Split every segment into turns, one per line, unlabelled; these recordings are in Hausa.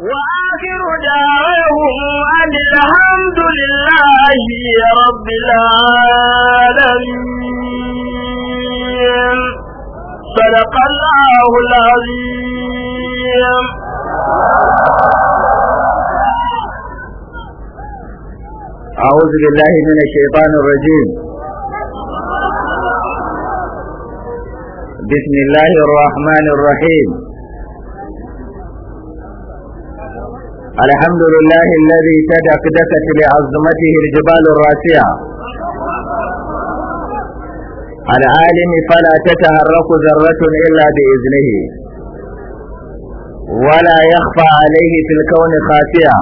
وآخر دعوهم أن الحمد لله رب العالمين صدق الله العظيم
أعوذ بالله من الشيطان الرجيم بسم الله الرحمن الرحيم الحمد لله الذي تدكدكت لعظمته الجبال الراسية العالم فلا تتهرك ذرة إلا بإذنه ولا يخفى عليه في الكون خاسية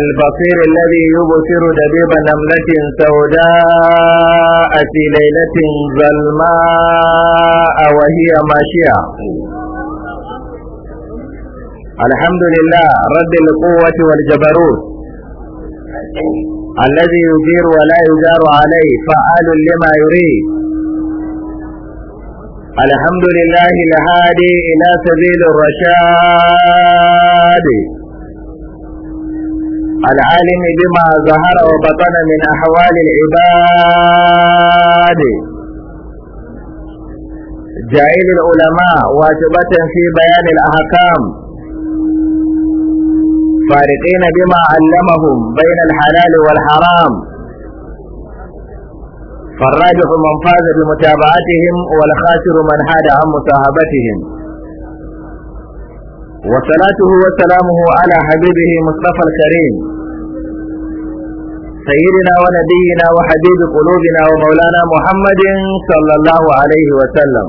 البصير الذي يبصر دبيب نملة سوداء في ليلة ظلماء وهي ماشية الحمد لله رد القوة والجبروت الذي يجير ولا يجار عليه فعال لما يريد الحمد لله الهادي إلى سبيل الرشاد العالم بما ظهر وبطن من أحوال العباد جائل العلماء واجبة في بيان الأحكام فارقين بما علمهم بين الحلال والحرام فالراجح من فاز بمتابعتهم والخاسر من حاد عن مصاحبتهم وصلاته وسلامه على حبيبه مصطفى الكريم سيدنا ونبينا وحبيب قلوبنا ومولانا محمد صلى الله عليه وسلم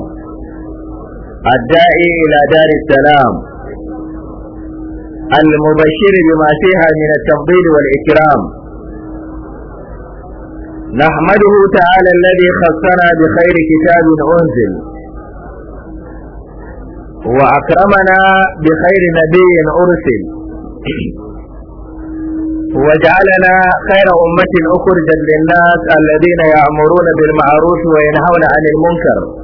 الداعي إلى دار السلام المبشر بما فيها من التفضيل والإكرام نحمده تعالى الذي خصنا بخير كتاب أنزل وأكرمنا بخير نبي أرسل وجعلنا خير أمة أخرجت للناس الذين يأمرون بالمعروف وينهون عن المنكر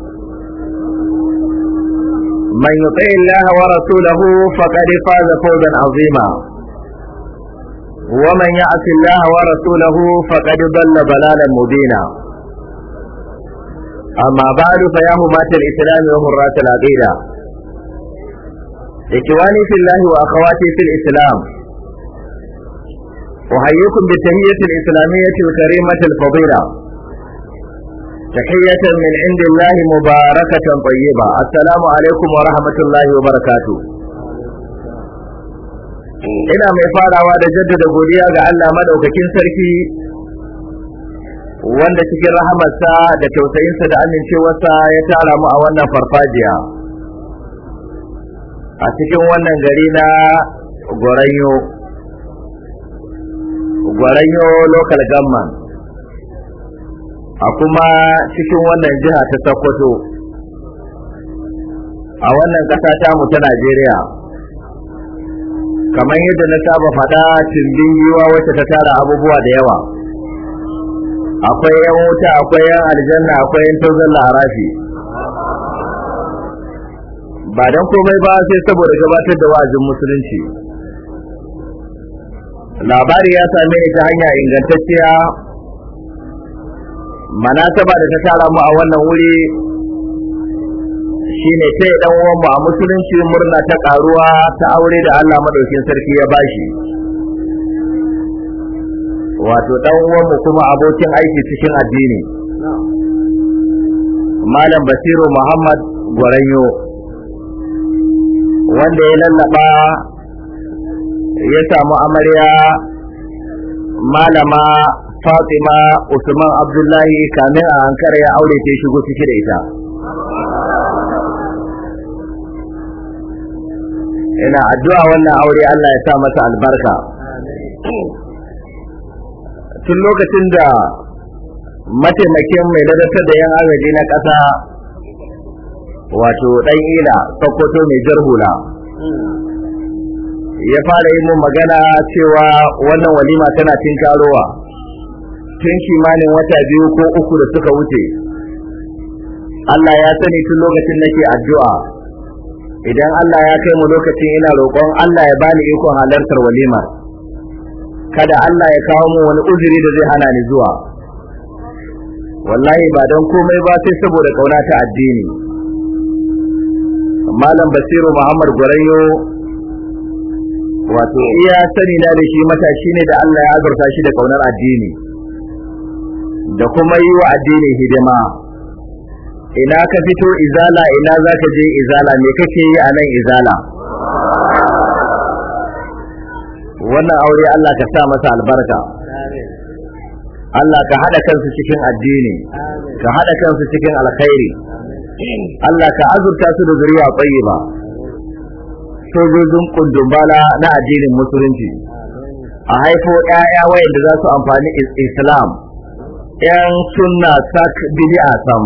من يطع الله ورسوله فقد فاز فوزا عظيما ومن يعص الله ورسوله فقد ضل ضلالا مبينا أما بعد فيا همات الإسلام ومرات العقيدة إخواني في الله وأخواتي في الإسلام أحييكم بالتهية الإسلامية الكريمة الفضيلة تحية من عند الله مباركة طيبة السلام عليكم ورحمة الله وبركاته ina mai farawa da jaddada godiya ga Allah madaukakin sarki wanda cikin rahamarsa da tausayinsa da amincewarsa ya tara mu a wannan farfajiya a cikin wannan gari na gwaranyo Goranyo local government a kuma cikin wannan jiha ta Sokoto a wannan ƙasa ta mu ta Najeriya kamar yadda na saba faɗa cimbin wacce ta tara abubuwa da yawa akwai yan wuta akwai yan aljanna akwai yan tozon laharafi ba don komai ba sai saboda gabatar da wa'azin musulunci labari ya same ni ta hanya ingantacciya manasaba da ta tara mu a wannan wuri shine sai dan uwan mu a musulunci murna ta karuwa ta aure da Allah madaukin sarki ya bashi wato dan uwan mu kuma abokin aiki cikin addini malam basiru muhammad gwaranyo wanda ya lallaba ya samu amarya malama Fatima Usman Abdullahi kamin a hankara ya aure ta shigo ciki da ita ina addu'a wannan aure Allah ya sa masa albarka tun lokacin da mataimakin mai ladatar da yan agaji na ƙasa wato ɗan ila sokoto mai jarhula ya fara yin mun magana cewa wannan walima tana cin karowa tun kimanin wata biyu ko uku da suka wuce Allah ya sani tun lokacin nake addu'a idan Allah ya kai mu lokacin ina roƙon Allah ya bani ikon halartar walima kada Allah ya kawo mu wani uzuri da zai hana ni zuwa wallahi ba don komai ba sai saboda kauna ta addini malam basiru muhammad gurayyo wato iya sani na da shi matashi ne da Allah ya azurta shi da kaunar addini da kuma yi wa addini hidima ina ka fito izala ina za ka je izala me kake yi a nan izala wannan aure Allah ka sa masa albarka Allah ka haɗa kansu cikin addini ka haɗa kansu cikin alkhairi Allah ka azurta su da zuriya tayyiba sojojin kundumbala na addinin musulunci a haifo ƴaƴa wayanda za su amfani islam yan sunna sak bid'a sam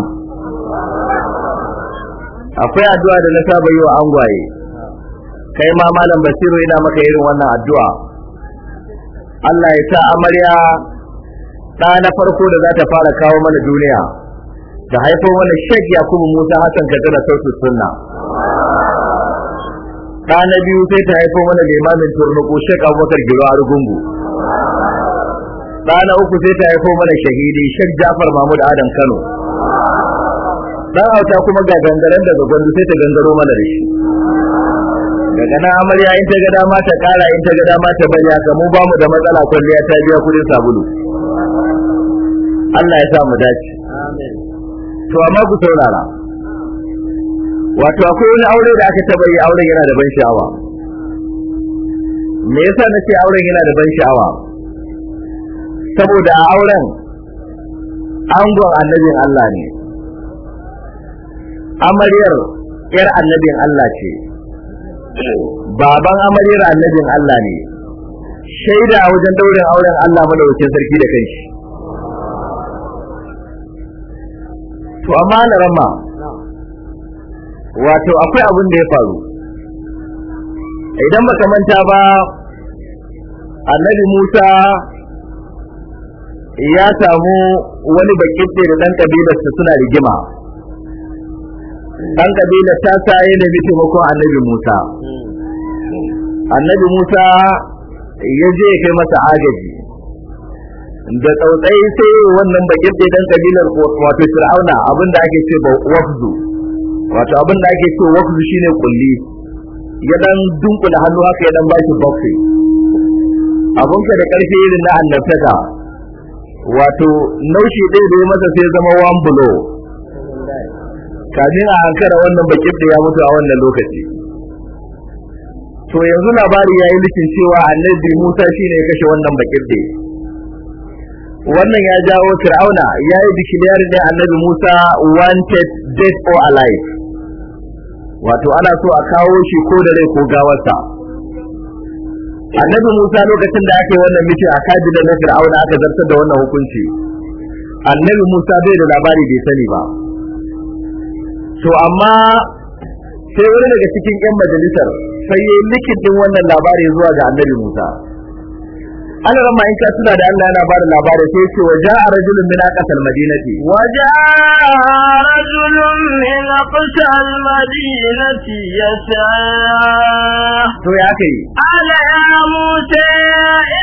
akwai addu'a da na saba yi wa angwaye kai ma malam basiru yana maka irin wannan addu'a Allah ya sa amarya ta na farko da za ta fara kawo mana duniya da haifo mana shek kuma musa hassan tana sautu sunna ta na biyu sai ta haifo mana limamin turnuku shek abubakar giro argungu ɗana uku sai ta haifo mana shahidi shek Jafar Mahmud Adam Kano dan hauta kuma ga gangaren daga gwandu sai ta gangaro mana da shi daga nan amarya in ta ga dama ta kara in ta ga dama ta bari ga mu ba mu da matsala kwalliya ta biya kudin sabulu Allah ya sa mu dace amin to amma ku saurara wato akwai wani aure da aka taba yi auren yana da ban sha'awa me yasa nace auren yana da ban sha'awa saboda a auren angon annabin Allah ne amaryar yar annabin Allah ce baban amaryar annabin Allah ne shaida a wajen daurin auren Allah madaukakin sarki da kanshi to amma na rama wato akwai abin da ya faru idan baka manta ba annabi Musa ya samu wani bakin da ƙabilar su suna rigima ɗan ƙabilar ta sa ya nemi taimakon annabi Musa annabi Musa ya je ya kai masa agaji da tsautsai sai wannan bakin da ɗan ƙabilar wato Fir'auna abinda ake ce ba wato abinda ake ce wafdu shine kulli ya dan dunkula hannu haka ya dan bashi boxing abun ka da karfi irin na annabtaka wato naushi ɗin da ya masa sai zama one blow kamin a hankara wannan bakin da ya mutu a wannan lokaci to yanzu labari ya yi nufin cewa annabi musa shine ya kashe wannan bakin da wannan ya jawo fir'auna ya yi dikilarin da annabi musa wanted dead or alive wato ana so a kawo shi ko da rai ko gawarsa annabi Musa lokacin da ake wannan miki a da na Fir'auna aka zartar da wannan hukunci annabi Musa bai da labari bai sani ba to amma sai wani daga cikin yan majalisar sai ya likin din wannan labari zuwa ga annabi Musa ana ramma in ka da Allah yana bada labarin sai ce wa ja'a rajulun min madinati wa
ja'a rajulun min aqsal madinati yasa to ya kai ala ya musa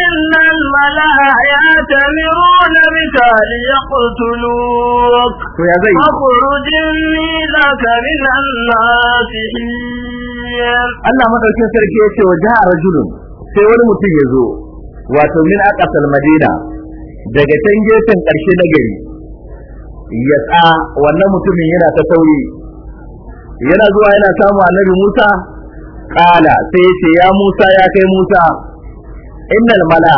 innal malaa ya'tamiruna bika liyaqtuluk to ya zai akhrujni laka min annasihin
Allah madaukin sarki ya ce wa ja'a rajulun sai wani mutum ya zo wato min aqsal madina daga can gefen karshe na gari ya tsa wannan mutumin yana ta sauri yana zuwa yana samu annabi Musa kala sai ya ce ya Musa ya kai Musa innal mala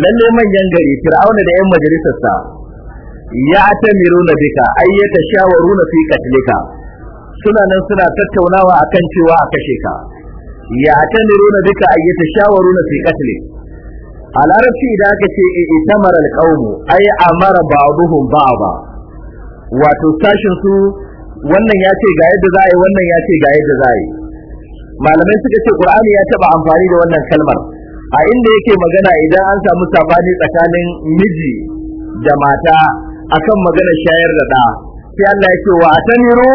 lalle manyan gari fir'auna da yan majalisarsa ya tamiruna bika ayyata shawaruna fi katlika suna nan suna tattaunawa akan cewa a kashe ka ya tamiruna bika ayyata shawaruna fi katlika a larabci idan aka ce itamar alqaumu ai amara ba'dhum ba, wato sashin su wannan ya ce ga yadda za a yi wannan ya ce ga yadda za a yi malamai suka ce ƙur'ani ya taɓa amfani da wannan kalmar a inda yake magana idan an samu sabani tsakanin miji da mata akan magana
shayar da da sai Allah ya ce wa atamiru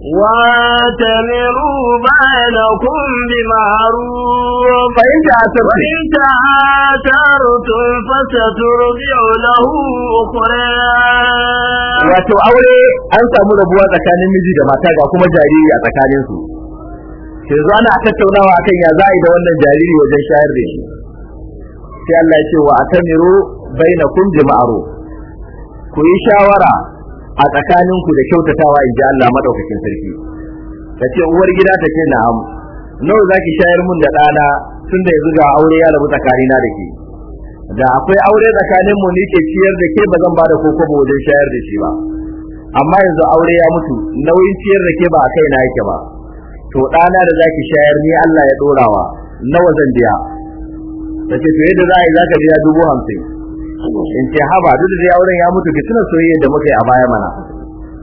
واعتمروا بينكم بمعروف فإن وإن تعاترتم له أخرى wato
aure an samu rabuwa tsakanin miji da mata ga kuma jariri a tsakanin su yanzu ana tattaunawa akan ya za'i da wannan jariri wajen shayar da shi sai Allah ya ce wa atamiru bainakum ku yi shawara a tsakaninku da kyautatawa in ji Allah madaukakin sarki ta ce uwar gida ta ce na'am nawa zaki shayar mun da ɗana tun da yanzu ga aure ya rabu tsakanina da ke da akwai aure tsakanin mu ni ke ciyar da ke ba zan bada koko ba wajen shayar da shi ba amma yanzu aure ya mutu nauyin ciyar da ke ba a kai na yake ba to ɗana da zaki shayar ni Allah ya dorawa nawa zan biya ta ce to yadda za a yi ka biya dubu hamsin in ce haba duk da auren ya mutu ki tuna soyayya da muka yi a baya mana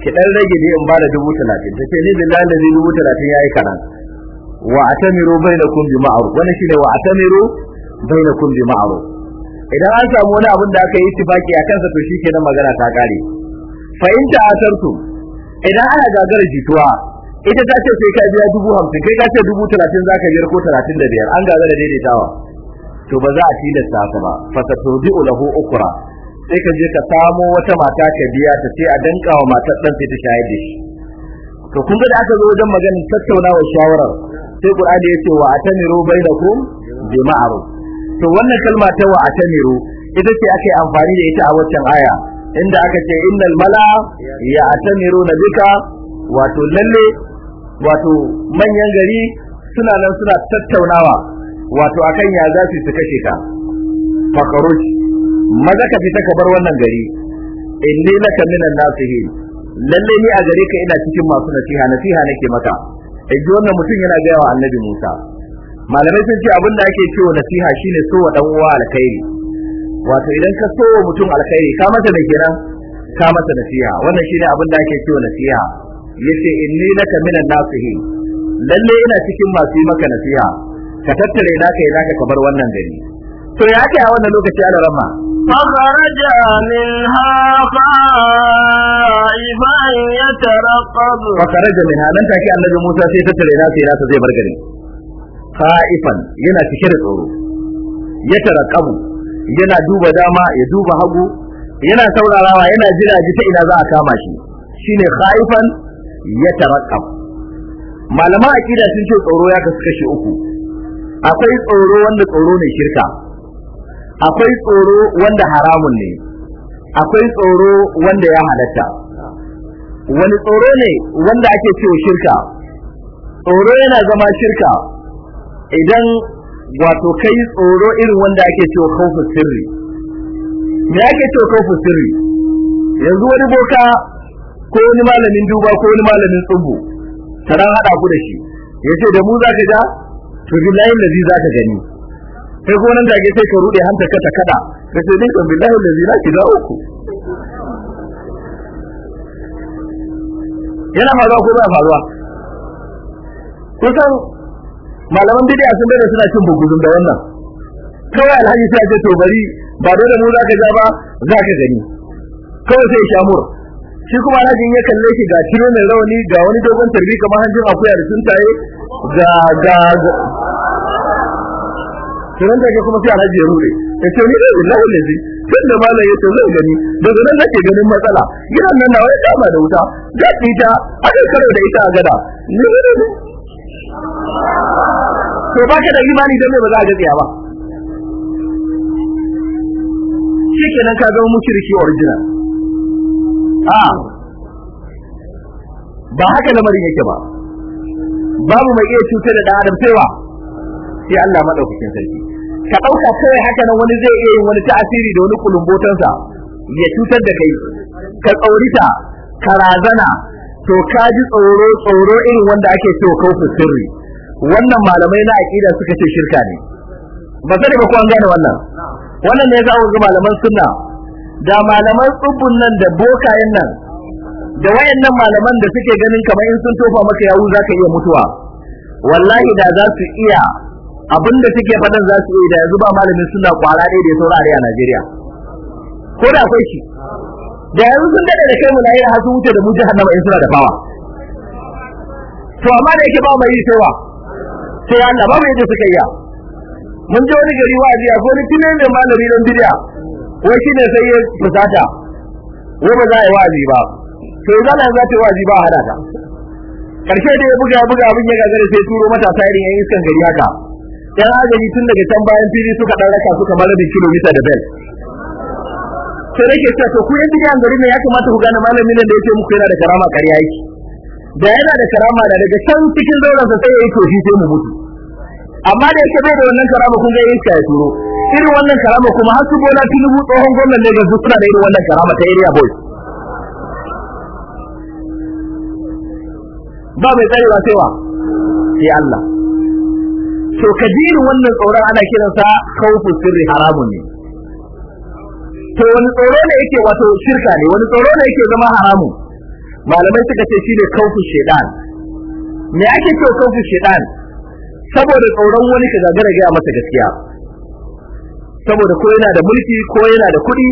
ki dan rage ne in ba da dubu talatin ta ce ni billahi da zai dubu talatin ya yi karan wa atamiru bainakum bi ma'ruf wannan shine wa atamiru bainakum bi ma'ruf idan an samu wani abin da aka yi tibaki a kansa to shikenan magana ta kare fa in ta asartu idan ana gagar jituwa ita ta ce sai ka biya dubu hamsin kai ka ce dubu talatin za ka biyar ko talatin da biyar an gagara daidaitawa to ba za a tilasta ka ba fasatubi'u lahu ukra sai ka je ka samo wata mata ka biya ta sai a danka wa matar dan sai ta shayar da shi to kun ga da aka zo wajen maganin tattaunawa shawarar sai Qur'ani ya ce wa atamiru bainakum bi ma'ruf to wannan kalma ta wa atamiru ita ce aka yi amfani da ita a waccan aya inda aka ce innal mala ya atamiru duka, wato lalle wato manyan gari suna nan suna tattaunawa wato akan ya za su kashe ka fakaruj maza ka fita ka bar wannan gari inni laka minan nasihin lalle ni a gare ka ina cikin masu nasiha nasiha nake maka in wannan mutum yana gaya wa annabi Musa malamai sun ce abin da ake cewa nasiha shine so wa dan uwa alkhairi wato idan ka so wa mutum alkhairi ka masa da kenan ka masa nasiha wannan shine abin da ake cewa nasiha yace inni laka minan nasihin lalle ina cikin masu yi maka nasiha ka tattare kai ya ka kamar wannan gari to ya ce a wannan lokaci ala rama
فخرج منها خائفا يترقب فخرج
منها nan take annabi Musa sai tattare da ya zaka zai bar gari kha'ifan yana cike da tsoro ya tarakabu yana duba dama ya duba hagu yana saurarawa yana jira ji ta ina za a kama shi shine kha'ifan ya tarakab malama akida sun ce tsoro ya kasu kashi uku akwai tsoro wanda tsoro ne shirka akwai tsoro wanda haramun ne akwai tsoro wanda ya halatta wani tsoro ne wanda ake cewa shirka tsoro yana zama shirka idan wato kai tsoro irin wanda ake cewa kaufu sirri me ake cewa kaufu sirri yanzu wani boka ko wani malamin duba ko wani malamin tsubu taran hada ku da shi yace da mu zaka ja to billahi allazi ka gani sai kuma nan da ke sai ka rude hanta ka ta kada ka ce dai billahi allazi la ki dawo ku yana faruwa ko ba faruwa kusan malaman bid'a sun da suna cin bugudun da wannan kawai alhaji sai ce to bari ba dole mu za ka ja ba za ka gani kawai sai shamur shi kuma alhajin ya kalle shi ga kilo mai rauni ga wani dogon tarbi kamar hanjin akuya da sun taye ga ga kiran da kuma sai alhaji ya rure ya ce ni da wallahi lazi tun da malam ya ce zai gani daga nan nake ganin matsala gidan nan nawa ya kama da wuta ga ta aka karo da ita a gada ni ne to ba ka da imani dan ne ba za a gaskiya ba shikenan ka zama mushriki original a ba haka lamarin yake ba babu mai iya cutar da adam sai wa sai Allah madaukakin sarki ka ɗauka kawai haka nan wani zai iya yin wani ta'asiri da wani kulumbotansa ya cutar da kai ka tsaurita ka razana to ka ji tsoro tsoro irin wanda ake so ku sirri wannan malamai na aqida suka ce shirka ne ba sai ba ko an gane wannan wannan ne yasa ku ga malaman sunna da malaman tsubbun nan da bokayen nan da wayannan malaman da suke ganin kamar in sun tofa maka yawu zaka iya mutuwa wallahi da za su iya abinda suke faɗan za su yi da yanzu ba malamin suna kwara ɗaya da ya saura a Najeriya ko da akwai shi da yanzu sun daɗe da kai mu lahira har sun wuce da mu hannu in suna da bawa to amma da yake ba mai yi sai wa sai Allah ba mai yadda suka yi mun je wani gari wa ajiya ko ni tunai mai malami don bidiya wai ne sai ya fusata ko ba za a yi wa'azi ba to yanzu Allah za ta yi wa'azi ba a hada ta karshe da ya buga buga abin ya gagara sai turo matasa irin yan iskan gari haka yan agaji tun daga can bayan fili suka dan raka suka mara da kilomita da bel sai nake cewa to ku yan bidiyan garin ne ya kamata ku gane malamin nan da yake muku yana da karama kariya yake da yana da karama da daga can cikin zauransa sai ya yi toshi sai mu mutu amma da yake bai da wannan karama kun ga yin ya turo irin wannan karama kuma har su bola tinubu tsohon gwamnan ne ga suna da irin wannan karama ta area boy ba mai tsayewa sai wa sai Allah to Kabiru wannan tsoron ana kiransa khawfu sirri haramun ne to wani tsoro ne yake wato shirka ne wani tsoro ne yake zama haramun malamai suka ce shi ne khawfu shaytan me ake kyau khawfu shaytan saboda tsoron wani ka gagara ga masa gaskiya saboda ko yana da mulki ko yana da kuɗi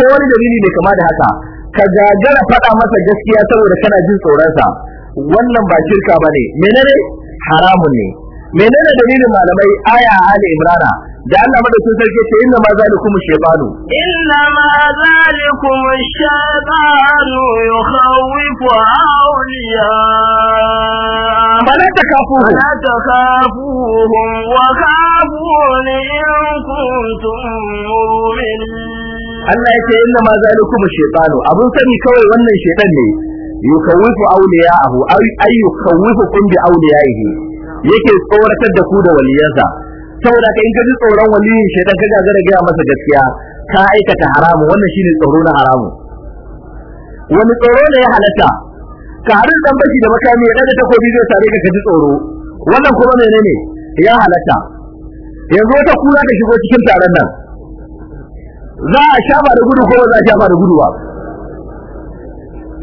ko wani dalili ne kama da haka ka gagara faɗa masa gaskiya saboda kana jin tsoronsa wannan ba shirka ba ne menene haramun ne menene dalilin malamai aya ali imrana da Allah madaukin sarki ce inna ma zalikum shaytanu
inna ma zalikum shaytanu yukhawifu awliya malaka takafuhu malaka takafuhum wa khafuni in kuntum mu'minin
Allah yake inna ma zalikum shaytanu abun sani kawai wannan shaytan ne yukhawifu awliya ahu ay kun bi awliyaihi yake tsoratar da ku da waliyarsa, saboda ka in ka ji tsoron waliyin shaitan ka gagara gaya masa gaskiya ka aikata haramu wannan shine tsoro na haramu wani tsoro ne ya halatta ka harin dan baki da makami ya da takobi zai sare ka ji tsoro wannan kuma ne ya halatta yanzu wata kura ta shigo cikin taron nan za a shafa da gudu ko za a shafa da gudu ba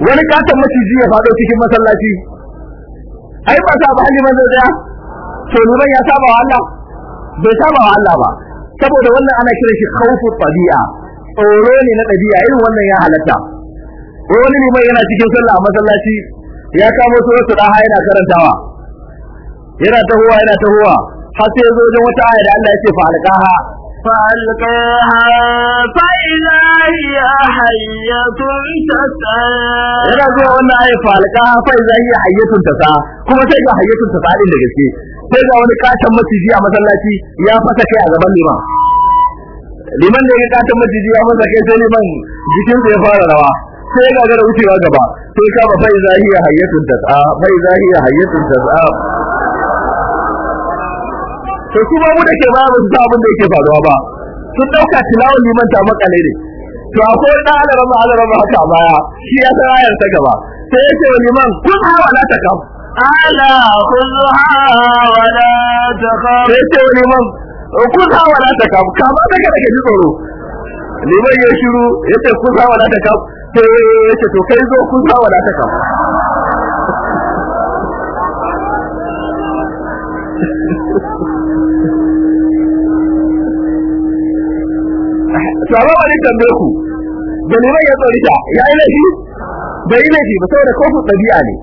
wani katon maciji ya faɗo cikin masallaci ai ba sa ba ba zai tsaya to liman ya saba wa Allah bai saba wa Allah ba saboda wannan ana kiran shi khawfu tabi'a tsoro ne na ɗabi'a irin wannan ya halatta wani liman yana cikin sallah a masallaci ya kamo su wasu yana karantawa yana tahowa yana tahowa har sai ya zo wajen wata aya da Allah ya ce fa alqaha
فألقاها فإذا هي حية تسعى yana
zuwa wannan ayi falka fa idza hiya hayyatun tasa kuma sai ga hayyatun tasa din da gaske sai ga wani katon maciji a masallaci ya fasa kai a gaban liman liman da ya katon maciji ya fasa kai sai liman jikin ya fara rawa sai ga gara wucewa gaba sai ka fa idza hiya hayyatun tasa fa to su mu da ke ba ba su abin da yake faruwa ba sun dauka tilawar liman ta makale ne to akwai wani alarama alarama haka baya shi ya
san ayar ta gaba sai ya ce wa liman kun hawa la ta kam ala khudha wa la ta kam sai ya ce wa liman kun hawa la ta kam kama daga
daga ji tsoro liman ya shiru ya ce kun hawa la ta kam sai ya ce to kai zo kun hawa la ta ka kam sabo ba ni tambaye ku da liman ya tsorita ya yi laifi bai yi laifi ba saboda kofin ɗabi'a ne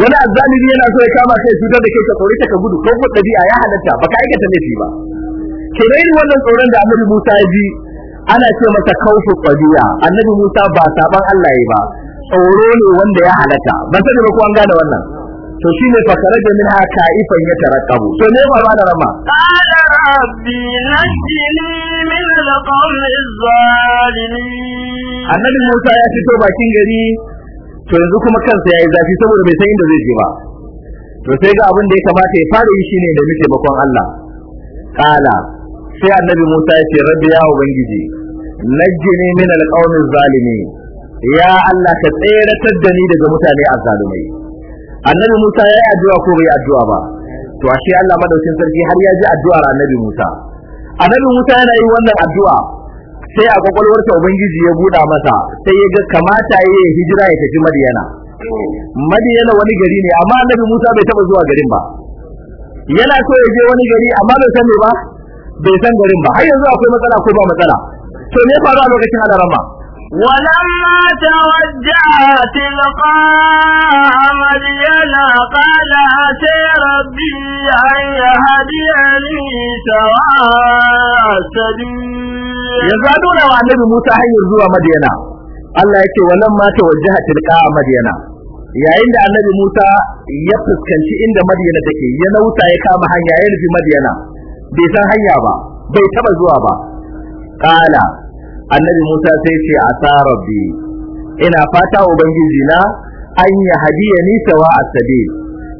wani azzalimi yana so ya kama kai cutar da ke ka tsorita ka gudu kofin ɗabi'a ya halatta ba ka aikata laifi ba ke da irin wannan tsoron da annabi Musa ya ji ana ce masa kaufu qadiya annabi Musa ba saban Allah yayi ba tsoro ne wanda ya halaka ban sani ba ko an gane wannan to shine fakaraja min haka ifan ya tarakabu to ne ba da rama annabi Musa ya fito bakin gari to yanzu kuma kansa ya yi zafi saboda bai san inda zai je ba to sai ga abin da ya kamata ya fara yi shine da muke bakon Allah kala sai annabi Musa ya ce rabbi ya ubangiji najjini min alqawmi zalimi. ya Allah ka tsere da ni daga mutane azzalumai annabi Musa ya yi addu'a ko bai addu'a ba to ashe Allah madaukin sarki har ya ji addu'ar annabi Musa annabi Musa yana yi wannan addu'a sai a kwakwalwarsa ubangiji ya buɗa masa sai ya ga kamata ya yi hijira ya tafi Madiyana Madiyana wani gari ne amma annabi Musa bai taba zuwa garin ba yana so ya je wani gari amma bai san me ba bai san garin ba har yanzu akwai matsala ko ba matsala to me faru a lokacin alarama
ولما توجه تلقاء مدين قال أتي ربي أن يهديني سواء السبيل
يزادون عن النبي موسى حي zuwa مدينة Allah yake walamma tawajjaha a Madiyana yayin da Annabi Musa ya fuskanci inda Madiyana take ya nauta ya kama hanya ya nufi Madiyana bai san hanya ba bai taba zuwa ba kala annabi Musa sai ce asa rabbi ina fata ubangiji na an ya hadiya ni sawa asabi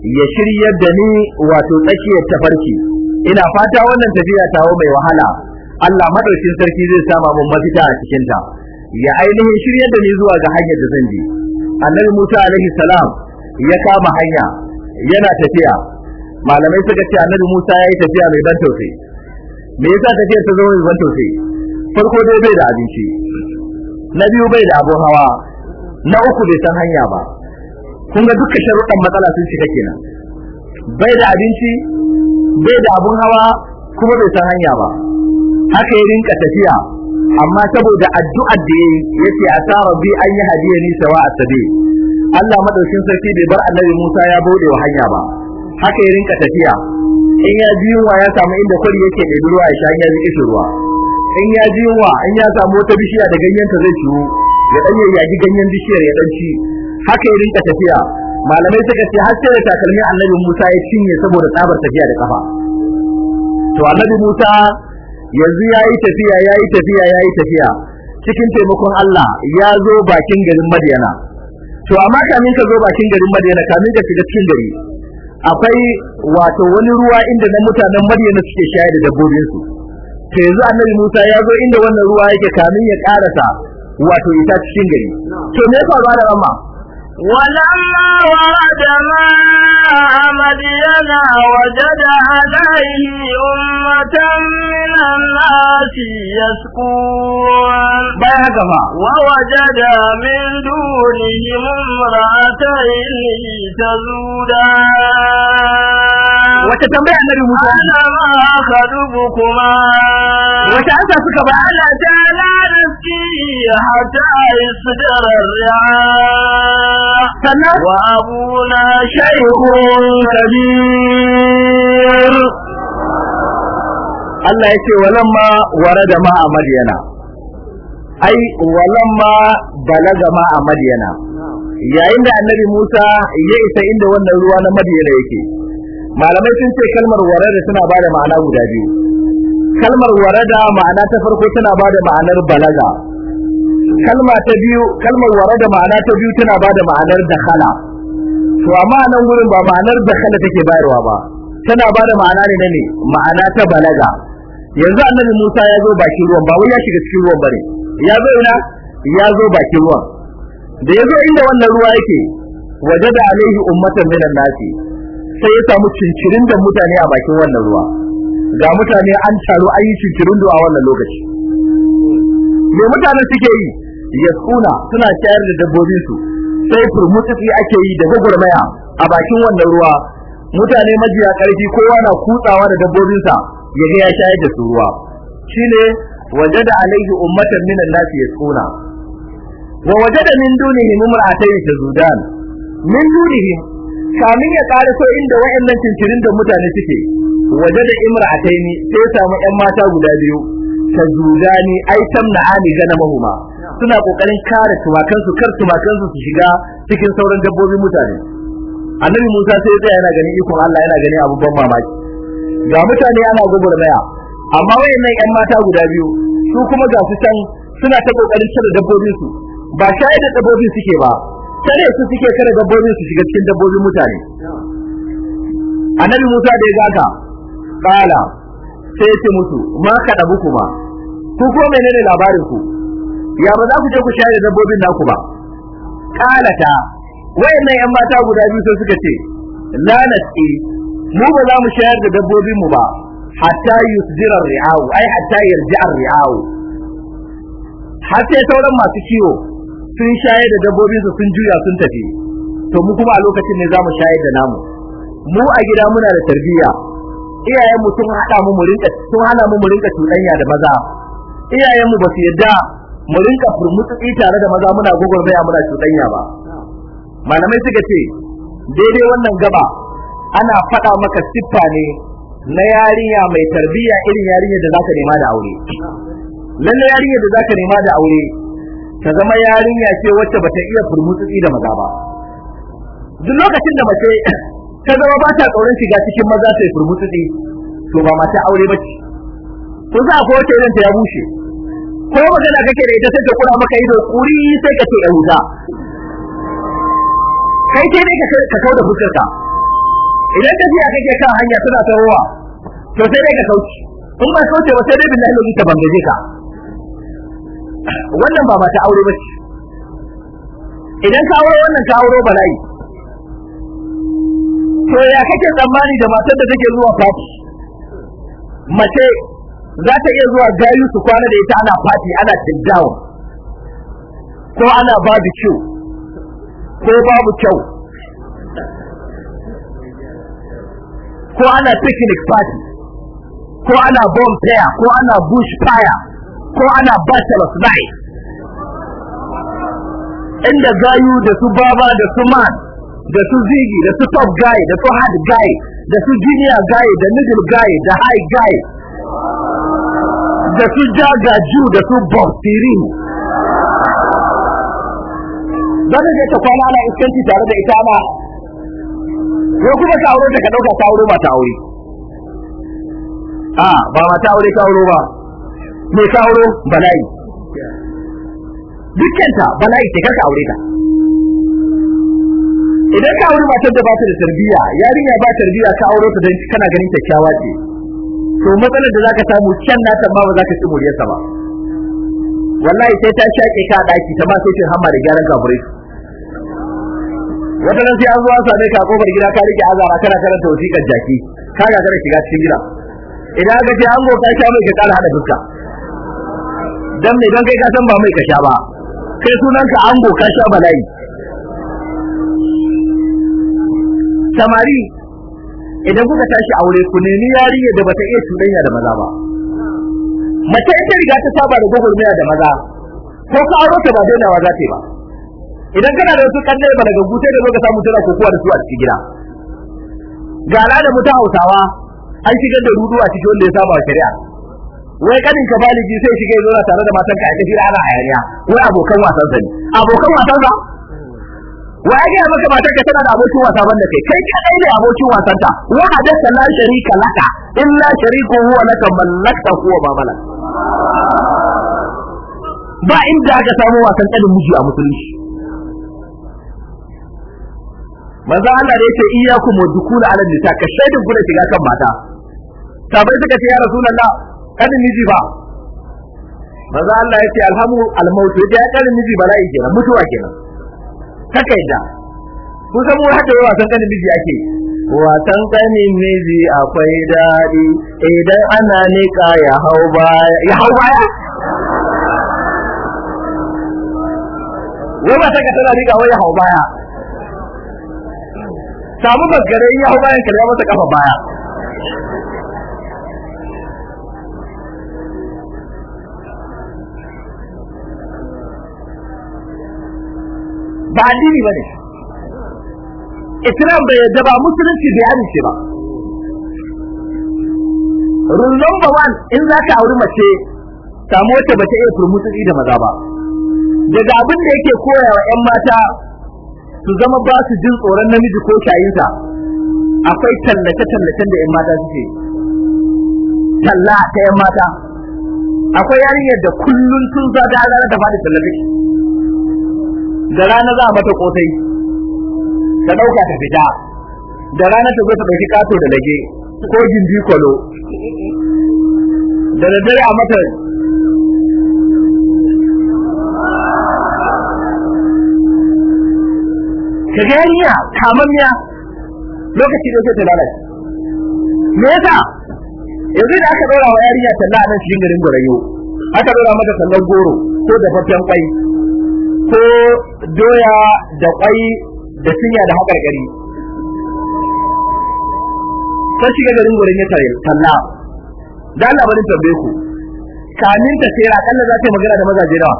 ya shiryar da ni wato tsakiyar tafarki ina fata wannan tafiya tawo mai wahala Allah madaukin sarki zai sama mun mafita a cikin ta ya ainihin shiryar da ni zuwa ga hanyar da zan bi annabi Musa alaihi salam ya kama hanya yana tafiya malamai suka ce annabi Musa yayi tafiya mai ban tausayi me yasa tafiyar ta zama mai ban tausayi farko dai bai da abinci na biyu bai da abun hawa na uku bai san hanya ba kun ga dukkan sharuɗan matsala sun shiga kenan bai da abinci bai da abun hawa kuma bai san hanya ba haka ya rinka tafiya amma saboda addu'ar da yayi yace sa rabbi an yi hadiya ni sawa asabi Allah madaukin sarki bai bar annabi Musa ya bude wa hanya ba haka ya rinka tafiya in ya ji yunwa ya samu inda kwari yake da ruwa ya sha ya ruwa in ya ji yunwa in ya samu wata bishiya da ganyen ta zai ciwo ya dan yaji ganyen bishiyar ya dan ci haka ya rinka tafiya malamai suka ce har sai da takalmi annabi Musa ya cinye saboda tsabar tafiya da kafa to annabi Musa yanzu yayi tafiya yayi tafiya yayi tafiya cikin taimakon Allah ya zo bakin garin Madiyana to amma kamin ka zo bakin garin Madiyana kamin ka shiga cikin gari akwai wato wani ruwa inda na mutanen Madiyana suke shayar da dabbobinsu to yanzu annabi Musa ya zo inda wannan ruwa yake kamin ya karasa wato ita cikin gari to me yasa ba da
ramma ولما ورد ما مدينة وجد عليه أمة من الناس يسكون بيهجما ووجد من دونه ممرأتين تزودان وتتبعنا النبي موسى أنا ما أخذبكما وتأسى سكبا على جالا نسكي حتى يصدر الرعاية وأبونا شيخ كبير Allah ya ce walamma ware da ma'a
Madiyana, ai, walamma balaga ma'a Madiyana, yayin da annabi Musa ya isa inda wannan ruwa na Madiyana yake, malamai sun ce kalmar warada suna bada ma'ana guda biyu. Kalmar warada ma'ana ta farko tana bada ma'anar balaga, kalma ta biyu kalmar da ma'ana ta biyu tana bada ma'anar dakhala to amma nan gurin ba ma'anar dakhala take bayarwa ba tana bada ma'ana ne na ne ma'ana ta balaga yanzu annabi Musa ya zo bakin ruwan ba wai ya shiga cikin ruwan bare ya zo ina ya zo bakin ruwan da yazo inda wannan ruwa yake wajada alaihi ummatan minan nasi sai ya samu cincirin da mutane a bakin wannan ruwa ga mutane an taru an yi cincirin a wannan lokaci me mutane suke yi yasuna suna shayar da dabbobin su sai furmutsi ake yi da gurmaya a bakin wannan ruwa mutane majiya karfi kowa na kutsawa da dabbobin sa yaga ya shayar da su ruwa shine wajada alaihi ummatan minan nasi yasuna wa wajada min dunihi mumra'atayn tazudan min dunihi kamin ya so inda wayannan cincirin da mutane suke wajada imra'atayn sai samu 'yan mata guda biyu tazudani ai na mahuma. suna kokarin kare tumakansu kar tumakansu su shiga cikin sauran dabbobin mutane annabi Musa sai tsaya yana ganin ikon Allah yana ganin ban mamaki ga mutane ana gugurmaya amma wayannan yan mata guda biyu su kuma ga su can suna ta kokarin cire dabbobin su ba shaye da dabbobin suke ba tare su suke kare dabbobin su shiga cikin dabbobin mutane annabi Musa da ya gaka kala sai ya ce musu ma ka dabu kuma ku ko menene labarin ku ya ba za ku je ku share dabbobin naku ba kalata wayannan yan mata guda biyu sai suka ce la nasi eh, mu ba za mu shayar da dabbobin mu ba hatta yusdira ri'au ai hatta yarji'a ri'au hatta sauran masu ciwo sun shayar da dabbobin su sun juya sun tafi to mu kuma a lokacin ne za mu shayar da namu mu a gida muna da tarbiyya iyayen mu sun hada mu mu sun hana mu mu rinka cuɗanya da maza iyayen mu ba su yadda mu rinka furmutsi tare da maza muna gogormaya muna cuɗanya ba malamai suka ce daidai wannan gaba ana faɗa maka siffa ne na yarinya mai tarbiyya irin yarinya da zaka nema da aure lalle yarinya da zaka nema da aure ta zama yarinya ce wacce bata iya furmutsi da maza ba duk lokacin da mace ta zama ba ta tsoron shiga cikin maza sai furmutsi to ba mata aure bace ko za irin ta ya bushe ko magana kake da ita sai ta kura maka ido kuri sai ka ce ya kai sai dai ka da fuskarka idan ka jiya kake kan hanya tana ta ruwa to sai dai ka kauce in ba kauce ba sai dai billahi lokaci ta bangaje ka wannan ba mata aure ba bace idan ka aure wannan ka aure bala'i to ya kake tsammani da matar da take zuwa fati mace za ta iya zuwa gayu su kwana da ita ana fati ana tijjawa ko ana babu kyau ko babu kyau ko ana picnic party ko ana bomb prayer ko ana bush fire ko ana bachelor's night inda gayu da su baba da su man da su zigi da su top guy da su hard guy da su junior guy da middle guy da high guy da su jagaju da su baftirin za ka je ta kwana na iskanci tare da ita ma ko kuma ka aure ta ka ɗauka ta aure ah, ba ta aure ba ma ta aure ta aure ba me ta aure bala'i dukkanta bala'i ce ka aure ta idan ka aure matar da ba ta da tarbiyya yarinya ba tarbiyya ka aure ta dan kana ganin kyakkyawa ce to matsalar da zaka samu can na ta ba ba zaka ci muryarsa ba wallahi sai ta shaƙe ka daki ta ba sai cin hamma da gyaran kafirai wata nan sai an zuwa same ka kofar gida ka rike azara kana karanta wasiƙar jaki ka ga kana shiga cikin gida idan ka ce an goka sha mai ka kara hada fuska dan ne dan kai ka san ba mai ka sha ba kai sunan ka an ka sha bala'i samari idan kuka tashi aure ku nemi yarinya da ba ta iya cuɗanya da maza ba mace in ta riga ta saba da gwagwarmaya da maza ko ka aro ta ba dainawa za ta yi ba idan kana da wasu kanne ba daga gute da ka samu tana kokowa da su a cikin gida ga da mutu Hausawa an shigar da rudu a cikin wanda ya saba shari'a wai kanin ka baligi sai shiga yana tare da matan ka a kafira ana hayaniya wai abokan wasan sa abokan wasan sa wa ya gaya maka ka tana da abokin wasa banda kai kai kadai ne abokin wasan ta? wa hadatha la sharika laka illa shariku huwa laka mallakta huwa ba malak ba inda aka samu wasan tsarin miji a musulunci manzo Allah ne yace iyyakum wa dukula ala nisa ka shaidin kuna shiga kan mata sabai suka ce ya rasulullah kadin miji ba manzo Allah yake alhamu almautu ya kadin miji bala'i kenan mutuwa kenan takaida kun san mu hadda wasan kanin miji ake wasan kanin miji akwai dadi idan ana ka ya hau baya ya hau baya wai ba saka tana nika wai ya hau baya samu bagare ya hau bayan kare ya masa kafa baya ba addini ne. islam bai yadda ba musulunci bai amince ba rule number one in za ka auri mace samu wacce ba ta iya turmutsi da maza ba daga abin da yake koya wa 'yan mata su zama ba su jin tsoron namiji ko shayinsa akwai tallace-tallacen da 'yan mata suke talla ta 'yan mata akwai yarinyar da kullum sun zaga da ba tallace da rana za a mata kosai ta dauka ta fita da rana ta zo ta dauki kato da lage ko gindi kwalo da dare a mata ka ganiya ta kamammiya lokaci da sai ta lalace me yasa yanzu da aka dora wa yarinya talla a nan cikin garin gurayo aka dora mata tallar goro ko da fafen kai ko doya da kwai da sunya da hakarkari sun shiga garin gurin ya tare talla da Allah bari tambaye ku kamin ta tsira kalla za ta magana da mazaje nawa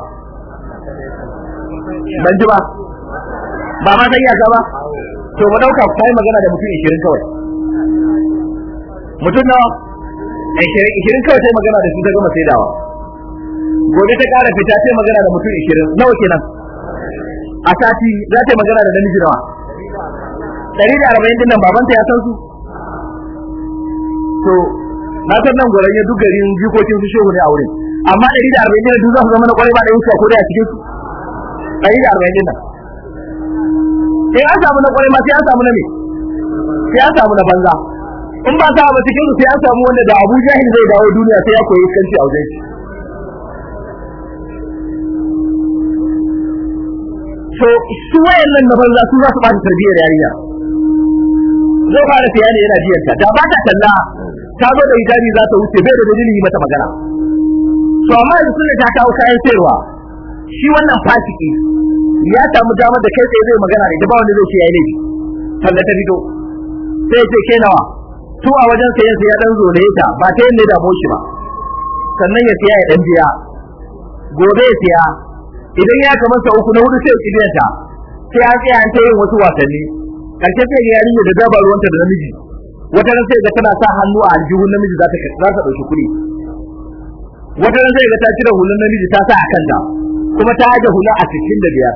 ban ji ba ba ma sai ya ba to mu dauka kai magana da mutum 20 kawai mutum nawa 20 kawai sai magana da su ta gama saidawa gobe ta kara fita ce magana da mutum 20 nawa kenan a sati za ta magana da namiji nawa 140 din nan babanta ya san su to na san nan goran duk garin jikokin su shehu ne a wurin amma 140 din duk za su zama na kwarai ba da wuce ko da a cikin su 140 din nan sai an samu na kwarai ma sai an samu na me sai an samu na banza in ba sa ba cikin su sai an samu wanda da Abu Jahil zai dawo duniya sai ya koyi kanci a wajen shi
So su
wayannan na banza su za su bata tarbiyyar yarinya zai fara fiya ne yana biyarta da ba ta talla ta zo da hijabi za ta wuce bai da dalili mata magana to amma yanzu suna ta kawo kayan sayarwa shi wannan fasiki ya samu damar da kai tsaye zai magana ne da ba wanda zai ce yayi laifi talla ta fito sai ya ce ke nawa su a wajen sayan sai ya dan zo ta ba ta yin ne da boshi ba sannan ya siya ya dan biya gobe ya siya idan ya kamata uku na hudu sai kidiyar ta sai an tsaya an yin wasu wasanni karshe sai ga yarinya da daba da namiji wata ran sai ga tana sa hannu a aljihun namiji za ta za ta dauki kuɗi wata ran sai ga ta cire hulun namiji ta sa a kanta kuma ta haje hula a cikin da biyar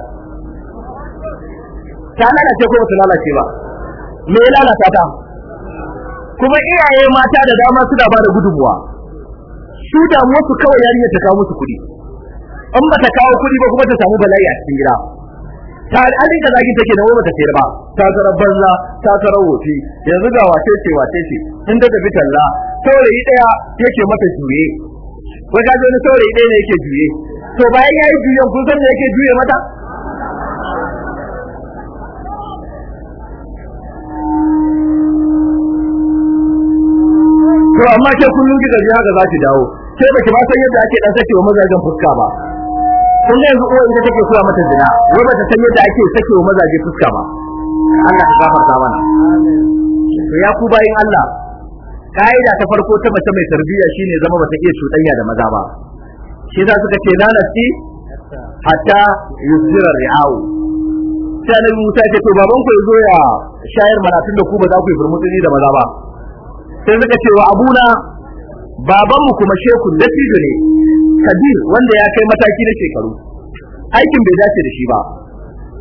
ta lalace ko ta lalace ba me ya lalata ta kuma iyaye mata da dama suna ba da gudunmuwa su damuwa su kawai yarinya ta kawo musu kuɗi in ba ta kawo kuɗi ba kuma ta samu bala'i a cikin gida ta al'adun da zagin take da wani ta sayar ba ta tarar banza ta tarar wofi yanzu ga wace ce wace ce in da tafi talla saurayi daya yake mata juye wai ga wani saurayi daya ne yake juye to bayan ya yi juyen kun san me yake juye mata to amma ke kullun gidaje ji haka zaki dawo sai baki ba san yadda ake dan sake wa mazajen fuska ba kun ga yanzu uwa ita take koya mata zina wai bata san yadda ake sake wa mazaje fuska ba Allah ka gafarta mana to ya ku bayin Allah kaida ta farko ta mace mai tarbiyya shine zama ba ta iya cuɗanya da maza ba shi za suka ce lalaci hatta yuzira ri'au sai annabi Musa ya ce to baban ku yazo ya shayar mana tunda ku ba za ku yi furmutsi da maza ba sai suka ce wa abuna babanmu kuma sheku dattijo ne kabir wanda ya kai mataki na shekaru aikin bai dace da shi ba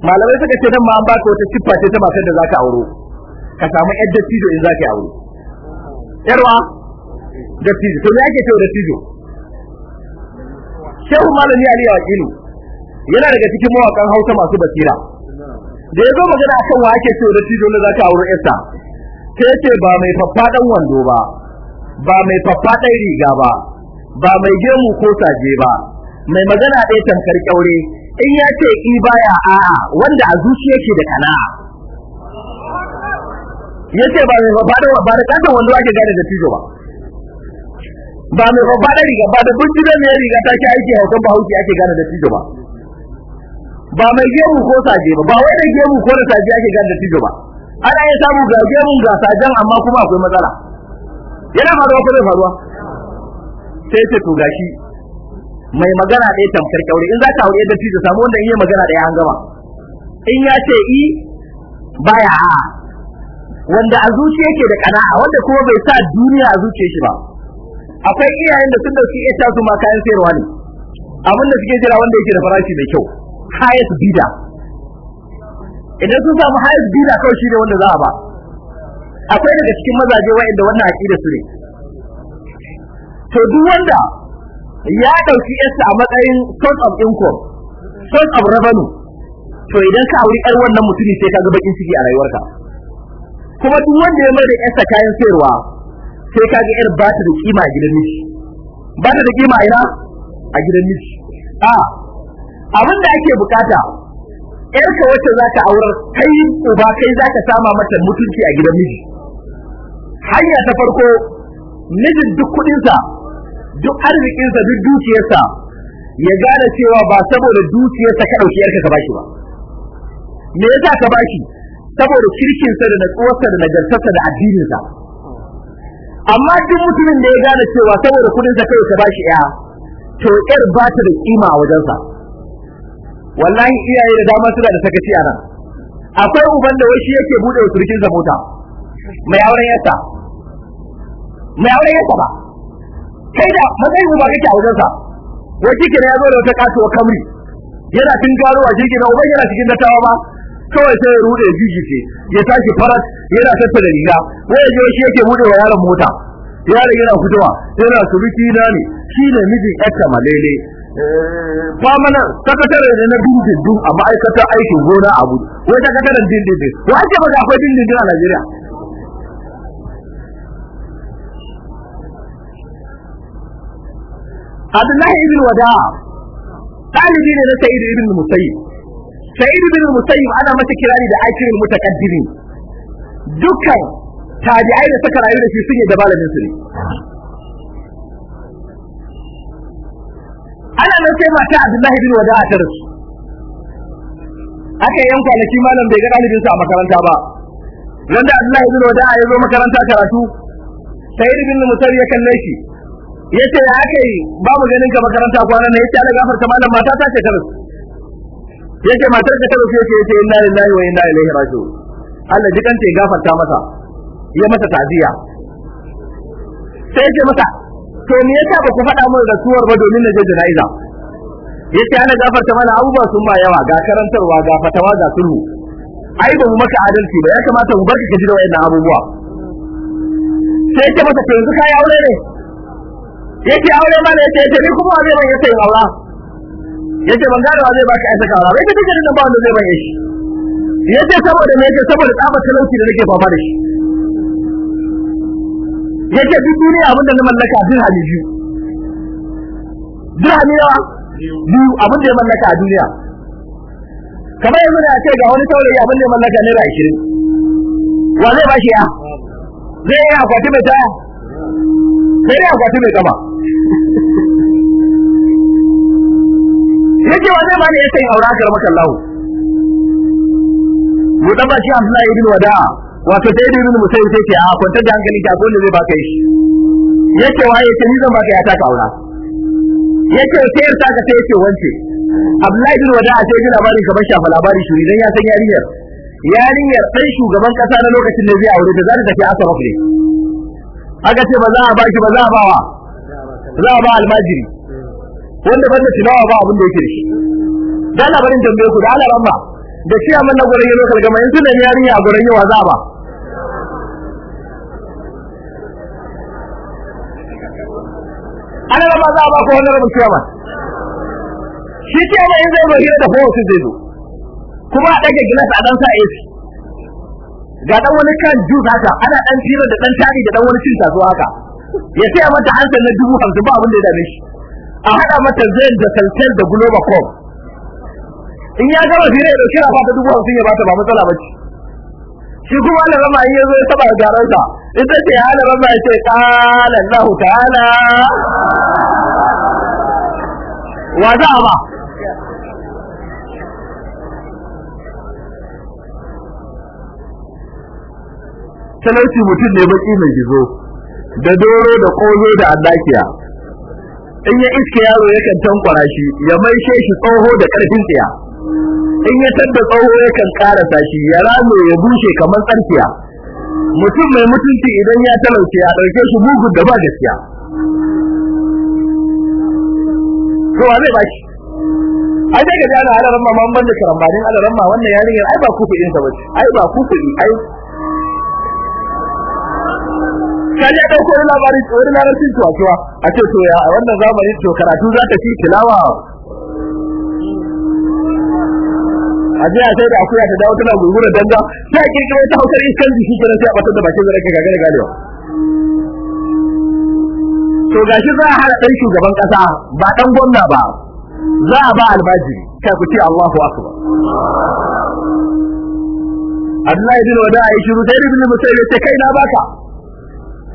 malamai suka ce dan ma an ba ka wata siffa ce ta matar da zaka auro ka samu yar dattijo in zaka auro yarwa dattijo to me ake cewa dattijo shehu malami ali wakilu yana daga cikin mawakan hausa masu basira da ya zo magana akan wa ake cewa dattijo za zaka auro yarsa sai ce ba mai faffadan wando ba ba mai faffaɗan riga ba ba mai gemu ko saje ba mai magana ɗaya tamkar kyaure in ya ce i baya a'a wanda a zuciya yake da kana yace ba mai ba da ba da kasan wanda ake gane da tijo ba ba mai ba da riga ba da bunji da mai riga ta ke aiki haukan ba hauki ake gane da tijo ba ba mai gemu ko saje ba ba wai da gemu ko da saje ake gane da tijo ba ana iya samu ga gemu ga sajen amma kuma akwai matsala yana faruwa ko bai faruwa sai ce to gashi mai magana ɗaya tamkar kyaure in za ka aure yadda ta samu wanda in yi magana ɗaya an gama in ya ce i baya a wanda a zuci yake da kana'a wanda kuma bai sa duniya a zuciyar shi ba akwai iyayen da sun dauki ita su ma kayan sayarwa ne abin da suke jira wanda yake da farashi mai kyau hayat bida idan sun samu hayat bida kawai shi ne wanda za a ba akwai daga cikin mazaje wa'anda wannan aƙida su ne to duk wanda ya dauki yarsa a matsayin source of income source of revenue to idan ka auri yar wannan mutumi sai ka ga bakin ciki a rayuwarka kuma duk wanda ya mai da yarsa kayan sayarwa sai ka ga yar ba ta da kima a gidan miji ba ta da kima a ina a gidan miji a abin da ake bukata yarka wacce za ka aurar kai uba kai za ka sama mata mutunci a gidan miji hanya ta farko mijin duk kudinsa duk arzikinsa duk dukiyarsa ya gane cewa ba saboda dukiyarsa ka ɗauki yarka ka bashi ba me yasa ka bashi saboda kirkinsa da natsuwarsa da nagartarsa da addininsa amma duk mutumin da ya gane cewa saboda kudinsa kai ka bashi ya to yar ba ta da kima a wajensa wallahi iyaye da dama suna da sakaci a nan akwai uban da wai shi yake bude wa surkinsa mota mai auren yasa mai auren yasa ba kai da matsayin uba kake a sa wa kike ya zo da wata wa kamri yana cin garo a jirgin na uban yana cikin dattawa ba kawai sai ya rude jijice ya tashi farat yana tattara riga wai ya je shi yake bude wa yaron mota yaron yana fitowa yana suruki na ne shi ne mijin yatta malele mana eh, sakatare ne na dindindin a ma'aikatar aikin gona abu wai sakataren dindindin wa ake ba akwai dindindin a Najeriya Abdullahi ibn Wada talibi ne na Sa'id ibn Musayyib Sa'id ibn Musayyib ana masa kirari da akirin mutakaddimin dukkan tabi'ai da suka rayu da shi sun yi da ne ana nan sai Abdullahi bin Wada ta rasu aka yan kwanaki malam bai ga dalibin a makaranta ba ran da Abdullahi bin Wada ya zo makaranta karatu sai ya kalle shi yace ya aka yi ba mu ganin ka makaranta kwanan nan ya Allah gafarta malam mata ta ce Ya ce matar ta karu yace yace inna lillahi wa inna ilaihi raji'un Allah dukan ta gafarta masa ya mata taziya sai yace masa to me yasa ba ku faɗa mun rasuwar ba domin na je jana'iza yace ana gafarta mana abubuwa sun ma yawa ga karantarwa ga fatawa ga sulhu ai ba mu maka adalci ba ya kamata mu barka ka ji da wayannan abubuwa sai ke masa to yanzu yi aure ne yake aure mana yake yake ni kuma zai ban yace aura yake ban gane zai baka aika kara yake take da ba da zai ban yace yace saboda me yake saboda tsaba talauci da nake fama da shi yake duk duniya abinda na mallaka dirhami biyu dirhami yawa biyu abinda ya mallaka a duniya kamar yanzu da ce ga wani taurayi abinda ya mallaka naira 20 wa zai bashi ya zai yi akwati mai taya sai dai akwati mai kama
yake wa zai bani yace aura
ga maka Allah mu dan bashi Abdullahi ibn Wada wato sai dai Musayyib sai ce a ah, kwanta da hankali ka gole zai baka shi yake wa yake ni zan baka ya ta aura yake sai ta ka sai yake wance Abdullahi ibn Wada sai ji labarin gaban shafa labarin shi dan ya san yarinyar yarinyar sai shugaban kasa na lokacin da zai aure da za ta tafi asaba ne aka ce ba za a baki ba za a bawa za a ba almajiri wanda banda tilawa ba abin da yake da shi da labarin jambe ku da alaran ba da shi amma na gurin yau kalgama yanzu da yarinya a gurin yau za ba
ana ba za a ba ko wannan
rabin ciya ba shi ke ba in zai zo hira da kowace zai zo kuma a ɗage gilas a ɗan sa AC ga ɗan wani kan jus haka ana ɗan tira da ɗan tari da ɗan wani cin tazo haka ya saya mata hansar na dubu hamsin ba abin da ya dame shi a haɗa mata zain da salsel da globacom in ya gama zira ya ɗauki rafa ta dubu hamsin ya bata ba matsala ba ce shi kuma Allah rama ya zo ya saba da garansa in ta ce Allah rama ya ce qala Allah ta'ala wa za ba talauci mutum ne baki mai gizo da doro da kozo da addakiya in ya iske yaro ya kan tankwara shi ya maishe shi tsoho da karfin tsiya in ya tadda tsoho kan karasa shi ya rame ya bushe kamar tsarkiya mutum mai mutunci idan ya talauce ya dauke shi mugu da ba gaskiya to a zai baki ai daga jana alaran ma man banda karambanin alaran ma wannan yarinyar ai ba kufi din ta ba ai ba kufi ai ka ji dauko wani labari wani larabcin tuwa tuwa a ce to ya wannan zamani to karatu za ta fi tilawa a a sai da akuya ta dawo tana gurgura danga sai a kirkiro ta hausar iskan jiki kira sai a batar da bakin zara gaga da galewa to gashi za a hada dan shugaban kasa ba dan gwamna ba za a ba albajiri ta ku ce Allahu akbar Abdullahi bin Wada ya shiru sai ibn Musayyib ya ce kai na baka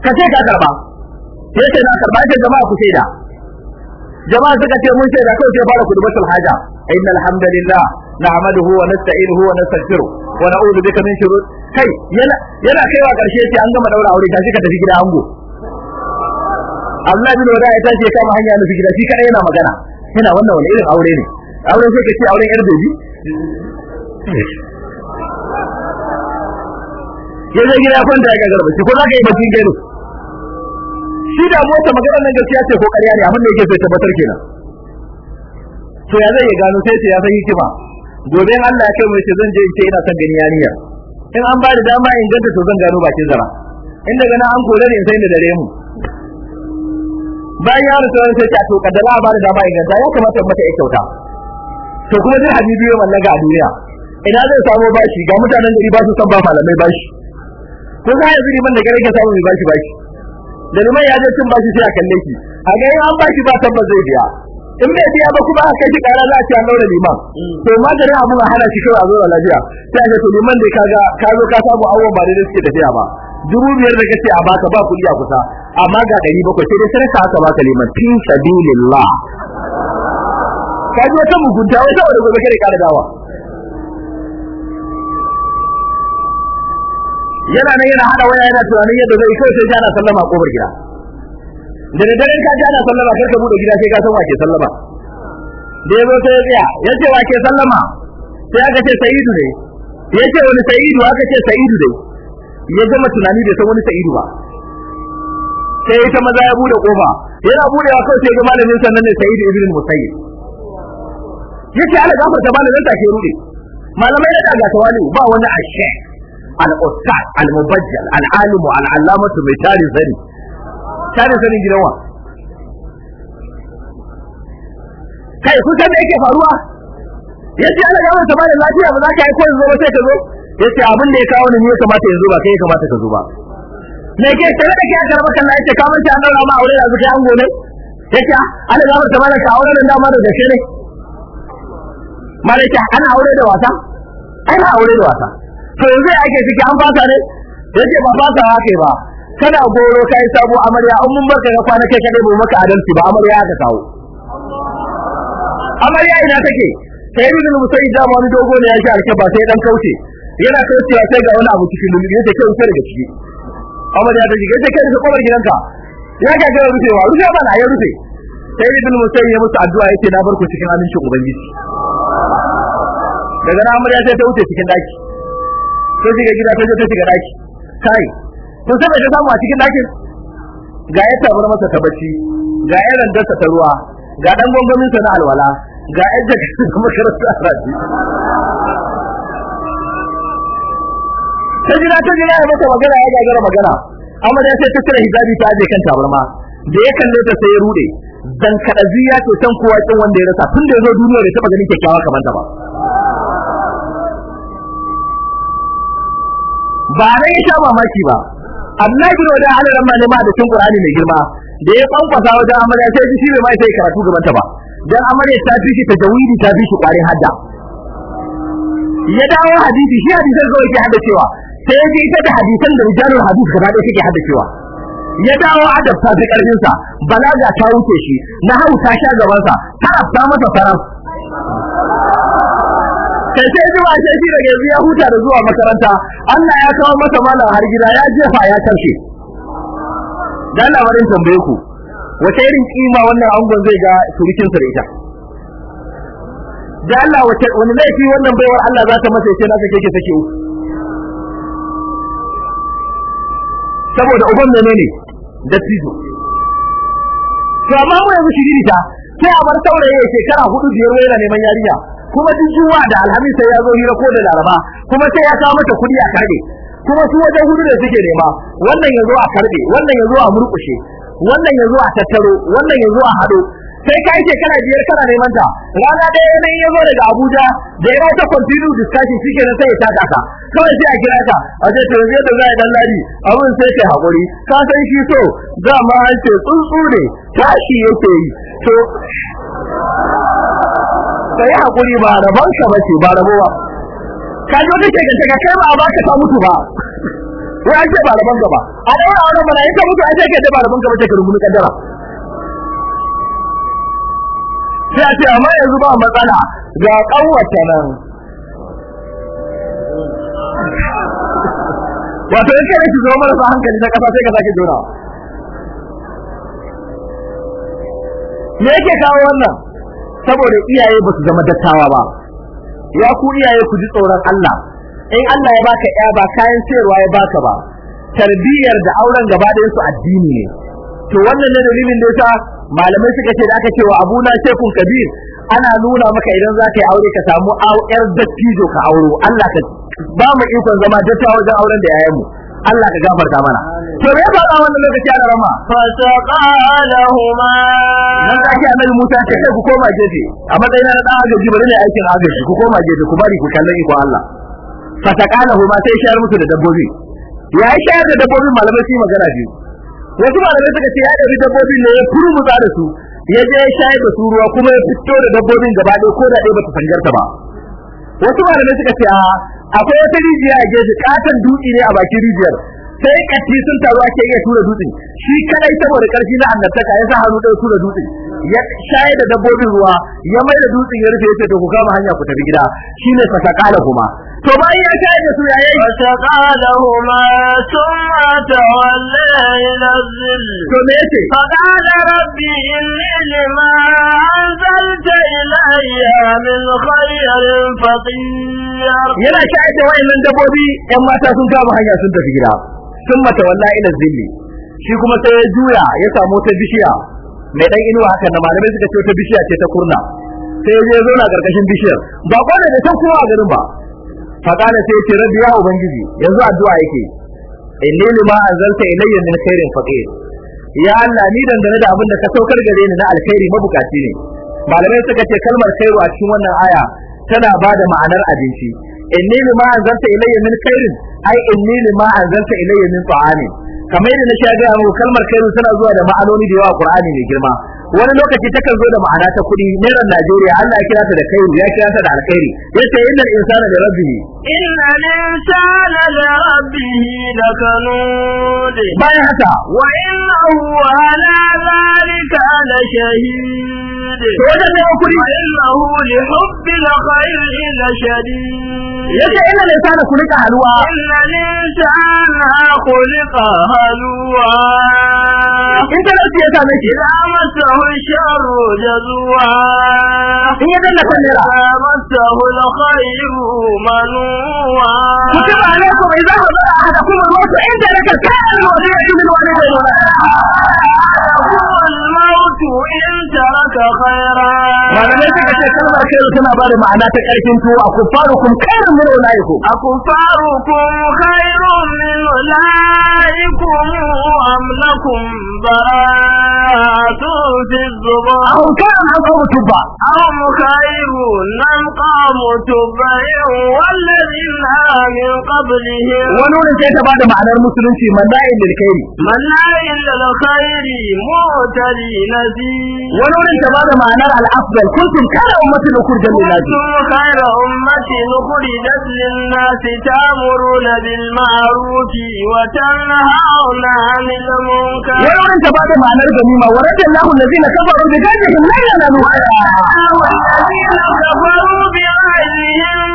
ka ce ka karba sai ce na karba ce jama'a ku shaida jama'a suka ce mun shaida kawai sai fara kudubatul haja innal hamdalillah na'maduhu wa nasta'inuhu wa nastaghfiruh wa na'udhu bika min shurur kai yana yana kaiwa karshe ce an gama daura aure ta ka tafi gida ango Allah bin wada ya tashi ya kama hanya nufi gida shi kadai yana magana yana wannan wani irin aure ne auren sai ka ce auren yar bebi ya zai gida kwanta ya gagarba shi ko za ka yi bakin gero damuwar ta magana nan gaskiya ce ko ƙarya ne abin da yake so tabbatar kenan to ya zai gano sai ce ya san hikima gobe Allah ya kai mu ce zan je in ce ina son ganiya yariya in an ba da dama in ganta to zan gano bakin zara in daga nan an kore ne sai da dare mu bayan ya rasu sai ta to kaddara ba da dama in ganta ya kamata in mata ya kyauta to kuma dai habibi ya mallaka a duniya ina zai samu bashi ga mutanen gari ba su san ba malamai bashi ko za a yanzu liman da gare ke samu mai bashi bashi da liman ya je cin bashi sai a kalle shi a ga an bashi ba tabbas zai biya in bai biya ba kuma aka shi kara za a ci an daura liman to maganin abin a hana shi kawai a zuwa lafiya sai a ce to liman dai kaga ka zo ka samu awon ba da suke tafiya ba dubu biyar da kace a baka ba kuɗi a kusa amma ga ɗari bakwai sai dai sai aka baka liman fi ka ji wata mugunta wata gobe kare kara dawa yana nan yana hada waya yana tunanin yadda zai kai sai ana sallama kofar gida da daddare ka jana ana sallama kar ka bude gida sai ka san wake sallama da yazo sai ya tsaya yace wake sallama sai aka ce sa'idu ne yace wani sa'idu aka ce sa'idu ne ya zama tunani bai san wani sa'idu ba sai ta maza ya bude kofa yana budewa kai sai ga malamin sannan ne sa'idu ibn musayyib yace ala gafarta malamin ta ke rude malamai da daga tawali ba wani ashe al-ustad al-mubajjal al-alimu al-allamatu mai tarin sani tarin sanin gidan wa kai ku san me yake faruwa yace Allah ya manta ba da lafiya ba za ka yi ko zo ba sai ka zo yace abin da ya kawo ne ya kamata ya zo ba kai ya kamata ka zo ba me ke tare da kiyar karbar kan yace ka an dora ma aure da zuciya an gone yace Allah ya manta ba da aure da dama da gashi ne malaika ana aure da wasa ana aure da wasa to yanzu ake ciki an fasa ne ce ba fasa haka ba kana goro kai sabu amarya an mun barka ga kwana kai kadai bai maka adalci ba amarya ka kawo amarya ina take sai ibn musayi da wani dogo ne ya shi alkaba sai dan kauce yana kaucewa sai ga wani abu cikin lullubi yace kai wuce daga ciki amarya ta shiga yace kai ka kwabar gidanka ya ga rufe wa rufe ba na ya rufe sai ibn musayi ya musu addu'a ce na barku cikin amincin ubangiji daga nan amarya sai ta wuce cikin daki ta shiga gida ta ta shiga daki kai to sai ta samu a cikin dakin ga ya tabar masa ta bacci ga ya randarsa ta ruwa ga dan gongomin sa na alwala ga ya jaka ta makaranta a rafi ta jira ta jira ya mata magana ya gagara magana amma da sai ta cire hijabi ta ajiye kan tabarma da ya kalle ta sai ya rude dan kadaziya to san kowa kin wanda ya rasa tun da ya zo duniya da taɓa ganin kyakkyawa kamar ta ba ba na ya sha mamaki ba Amma bin wada halaran ma ne ma da cin Qur'ani mai girma da ya kwankwasa wajen amarya sai shi bai mai sai karatu gaban ba dan amarya ta fi shi tajawidi ta fi shi kwarin hadda ya dawo hadisi shi hadisan zo yake hada cewa sai ya ita da hadisan da rijalul hadis gaba da suke hada cewa ya dawo adab ta fi karfin sa balaga ta wuce shi na hausa sha gaban sa ta afta masa faram kai sai zuwa sai shi daga yanzu ya huta da zuwa makaranta Allah ya kawo masa malam har gida ya jefa ya karshe dan labarin tambaye ku wace irin kima wannan angon zai ga surukin sa da ita dan Allah wace wani laifi wannan baiwar Allah za ta masa yace na kake kake saboda uban menene da tijo to amma mu yanzu ta sai a bar saurayi shekara hudu biyar wai yana neman yarinya kuma duk juwa da alhamis sai ya zo hira ko da laraba kuma sai ya kawo mata kudi a karbe kuma su wajen hudu da suke nema wannan ya zo a karbe wannan ya zo a murkushe wannan ya zo a tattaro wannan ya zo a hado sai ka yi shekara biyar kana neman ta rana ɗaya yanayin ya zo daga Abuja da ya ta continue discussion shike nan sai ya taka ka kawai sai a kira ka a ce to yanzu da za a dan ladi abin sai ke haƙuri ka san shi so za ma tsuntsu ne tashi yake yi to ka yi hakuri ba rabon ka ba ce ba rabowa ka zo kake ga daga kai ba ba ka ta mutu ba wai ake ba rabon ka ba a daura wannan bala in ka mutu ake ke ba rabon ka ba ce ka rubuta kaddara sai a ce amma yanzu ba matsala ga kawwata nan wato in kai ki zo mara hankali na kasa sai ka sake jona me yake kawo wannan saboda iyaye ba su zama dattawa ba ya ku iyaye ku ji tsoron Allah in Allah ya baka ya ba kayan sayarwa ya baka ba tarbiyyar da auren gaba da su addini ne to wannan ne dalilin da yasa malamai suka ce da aka cewa abuna shekun kabir ana nuna maka idan za ka yi aure ka samu yar dattijo ka auro Allah ka ba mu ikon zama dattawa wajen auren da yayan mu Allah ka gafarta mana to me ya faɗa wannan lokaci a rama fa
saqalahuma
nan da ake annabi Musa ce ku koma gefe a matsayin na dan agaji bari ne aikin agaji ku koma gefe ku bari ku kallon iko Allah fa saqalahuma sai shayar musu da dabbobi ya shayar da dabbobi malamai su magana biyu wasu malamai suka ce ya ɗabi dabbobin ne ya kurmuta da su ya je ya shayar da su ruwa kuma ya fito da dabbobin gaba ɗaya ko da ɗaya bata sangarta ba wasu malamai suka ce a akwai wata rijiya a gefe katon dutse ne a bakin rijiyar sai katti sun taru ake iya tura dutse shi kadai saboda karfi na annabtaka ya sa hannu ɗaya tura dutse ya shaye da dabbobin ruwa ya mai da dutsen ya rufe yace to ku kama hanya ku tafi gida shine fasaqala kuma to bayan ya shaye da su ya yayi fasaqala huma thumma tawalla ila zil to me yace faqala rabbi
inni lima anzalta ilayya min khayrin faqir yana shaye da wayannan
dabbobi yan mata sun kama hanya sun tafi gida thumma tawalla ila zilli shi kuma sai ya juya ya samu ta bishiya mai dan inuwa hakan na malamai suka ce ta bishiya ce ta kurna sai ya zo na gargashin bishiyar ba kwana da san kowa a garin ba kana sai ya ce rabbi ya ubangiji yanzu addu'a yake inni lima anzalta ilayya min khairin faqir ya Allah ni dangane da abin da ka saukar gare ni na alkhairi mabukaci ne malamai suka ce kalmar khairu a cikin wannan aya tana ba da ma'anar abinci inni lima anzalta ilayya min khairin ai inni lima anzalta ilayya min ta'amin kamar yadda na sha gaya muku kalmar kairu tana zuwa da ma'anoni da yawa a Qur'ani mai girma wani lokaci takan zo da ma'ana ta kuɗi naira Najeriya Allah ya kira ta da kairu ya kira ta da alkhairi yace inna insana da rabbihi
innal insana da rabbihi lakanud bayan haka wa innahu ala zalika la shahid to wajen neman kuɗi innahu li hubbil khairi lashadid yace inna linsana kulika halwa inna linsana kulika halwa in talauci ya same shi la masahu sharru jazwa in ya danna kamera la masahu khairu manwa kutiba alaykum idha hadara ahadakum al-maut inda lakal ka'al wa la yajid wa la yajid khairu in taraka khaira
malamai
suka ce kalmar khairu tana ba da ma'ana ta karfin tuwo a kufarukum khairun min ulaikum a kum khairun min ulaikum am lakum bara'atun fi zubur aw kan hakum tubba aw khairu nam qamu tubba wal ladina qablihim wani wurin sai ta bada ma'anar
musulunci malla'in lil khairi
malla'in lil khairi mu'tali nazi wani wurin ta bada ma'anar al afdal kuntum khayra ummatin ukhrijat lin nas kuntum khayra ummatin ukhrijat lin nas ta'muruna bil ma'ruf wa tanhauna 'anil munkar wani wurin ta bada ma'anar ganima wa radallahu allazina kafaru bi ghayrihim la yanalu wa alladhina kafaru bi ghayrihim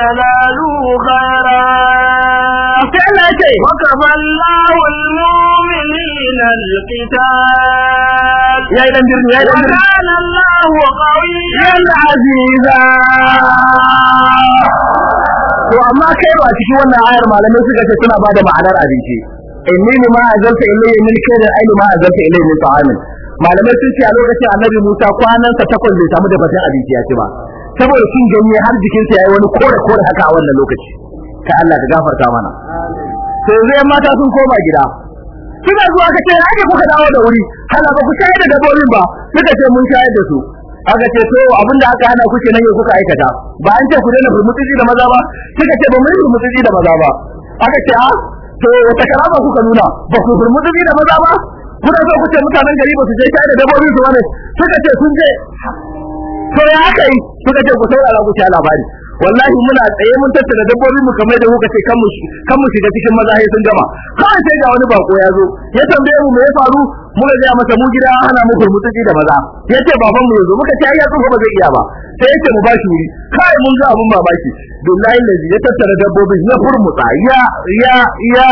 ينالوا خيرا وكفى الله المؤمنين القتال وكان الله قويا عزيزا to amma kai
ba cikin wannan ayar malamai suka ce suna bada ma'anar abinci inni ma azalta ilayhi min kayrin ayni ma azalta ilayhi min ta'amin malamai sun ce a lokacin annabi Musa kwanan sa takwas bai samu da batun abinci ya ci ba saboda kin ganye har jikinsa yayi wani kore kore haka a wannan lokaci ka Allah ka gafarta mana sai zai mata sun koma gida kina zuwa ce rage kuka dawo da wuri kana ba ku shayar da dabbobin ba kika ce mun shayar da su aka ce to abinda aka hana ku kuke nan kuka aikata ba an ce ku daina furmutsi da maza ba kika ce ba mun yi furmutsi da maza ba aka ce a ah, to wata karama kuka nuna ba ku furmutsi da maza ba kuna so ku ce mutanen gari ba su je shayar da dabbobin su ba ne kika ce sun je to ya aka yi suka ce ku saurara ku sha labari wallahi muna tsaye mun tattara dabbobin mu kamar da kuka ce kan mu kan mu shiga cikin maza sun gama kawai sai ga wani bako ya zo ya tambaye mu me ya faru muka ga masa mu gida ana mu kurmutuki da maza ce baban mu yanzu muka ce ai ya tsufa ba zai iya ba sai ce mu bashi wuri kai mun ga abun babaki billahi lazi ya tattara dabbobin ya furmuta ya ya ya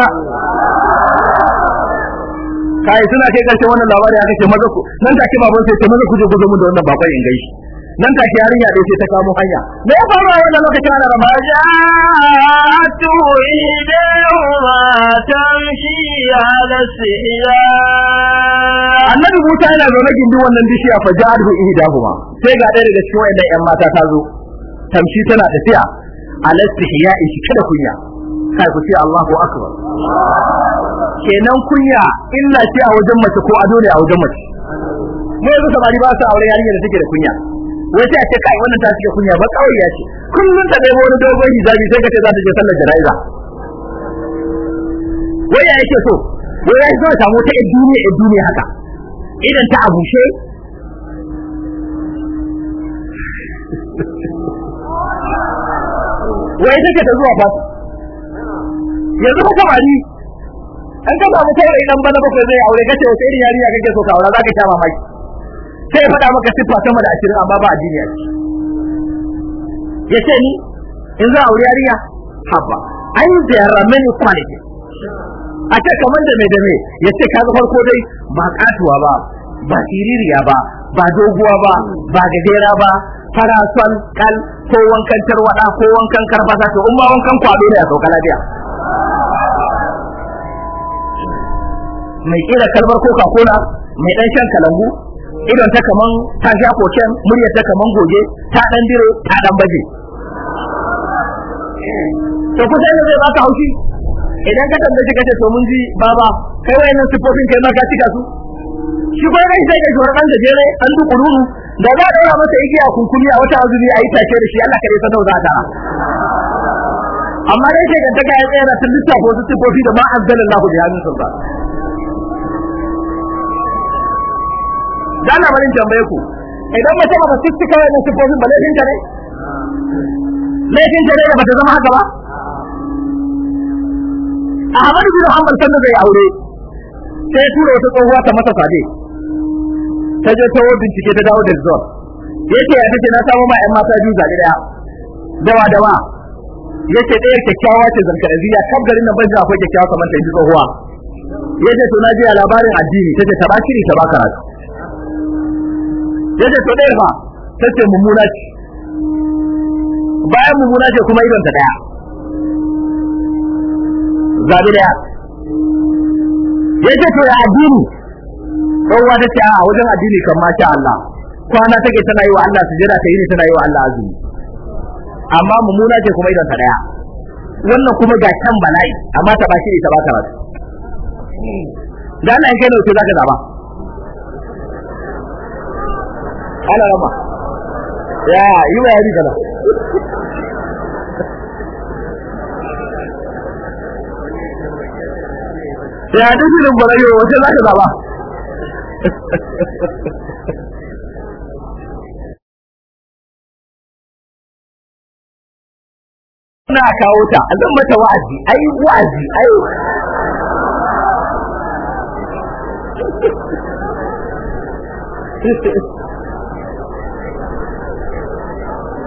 kai suna kai karshen wannan labari aka ce maza ku nan take baban sai ce maza ku je ku zo mun da wannan baban in gaishe nan ta ke yarinya dai sai ta kamo hanya
me ya faru a wannan lokacin ana rama ja'atu idawa tamshi ala siya
annabi Musa yana zaune gindin wannan bishiya fa ja'atu kuma sai ga ɗaya daga cikin wayannan ƴan mata ta zo tamshi tana tafiya ala siya ishi kada kunya sai ku ce Allahu akbar kenan kunya illa ce a wajen mace ko ado ne a wajen mace ne yanzu samari ba su aure yarinya da take da kunya wai ake kai wannan ta cike kunya ba kawai ya ce kullun ta dai wani dogon hijabi sai kace za ta je sallar jana'iza wai ya yake so wai ya so samu ta duniya a duniya haka idan ta abushe wai take ta zuwa ba yanzu ko bari an ka samu kai dan bana ko zai aure kace wata irin ya kake so ka za ka sha mamaki sai ya faɗa maka siffa sama da ashirin amma ba a ciki ya ce ni in za a wuri yarinya haba yi da yara mini kwanaki a ce kamar da mai dame ya ce kaga farko dai ba katuwa ba ba siririya ba ba doguwa ba ba gajera ba fara son kal ko wankan tarwada ko wankan karfasa to in wankan kwado da ya sauka lafiya mai kira kalmar coca cola mai ɗan shan kalangu idan ta kaman ta sha koken muryar ta kaman goge ta dan dire ta dan baje to kusa ne zai ta haushi idan ka tambaye ce to mun ji baba kai nan sifofin kai ma ka tika su shi ko dai sai ka jora dan da jere an du kururu da za a daura masa igiya kunkumi a wata azumi ayi take da shi Allah kare sa da ta amma dai sai ka ta ga ya tsaya da lissafo su sifofi da ma azzalallahu bi hadin da na barin tambaye ku idan mace ba su cika wannan sifofin ba laifin ta ne laifin ta ne da bata zama haka ba Ahmad bin Hanbal sanda zai aure sai tura wata tsohuwa ta masa sade ta je ta bincike ta dawo da zuwa yake ya take na samu ma ƴan mata biyu ga gida dawa dawa yace ɗaya kyakkyawa ce ziya kaf garin nan banza akwai kyakkyawa kamar ta yi tsohuwa yake to na ji labarin addini take ta ba shiri ta ba karatu ya ce to ɗaya fa ta ce mummuna ce bayan mummuna ce kuma ta ɗaya zaɓi ɗaya ya ce to ya addini ɗanwa ta ce a wajen addini kan masha Allah kwana take tana yi wa Allah su jira ta yi ne tana yi wa Allah azumi amma mummuna ce kuma ta ɗaya wannan kuma ga kan bala'i amma ta ba shi ne ta ba ta ba da Allah in kai za ka zaba ana rama ya yi bayani kana ya duk
irin barayo wace za ka zaba
Ina kawo ta zan mata wa'azi ai wa'azi ai
Thank you.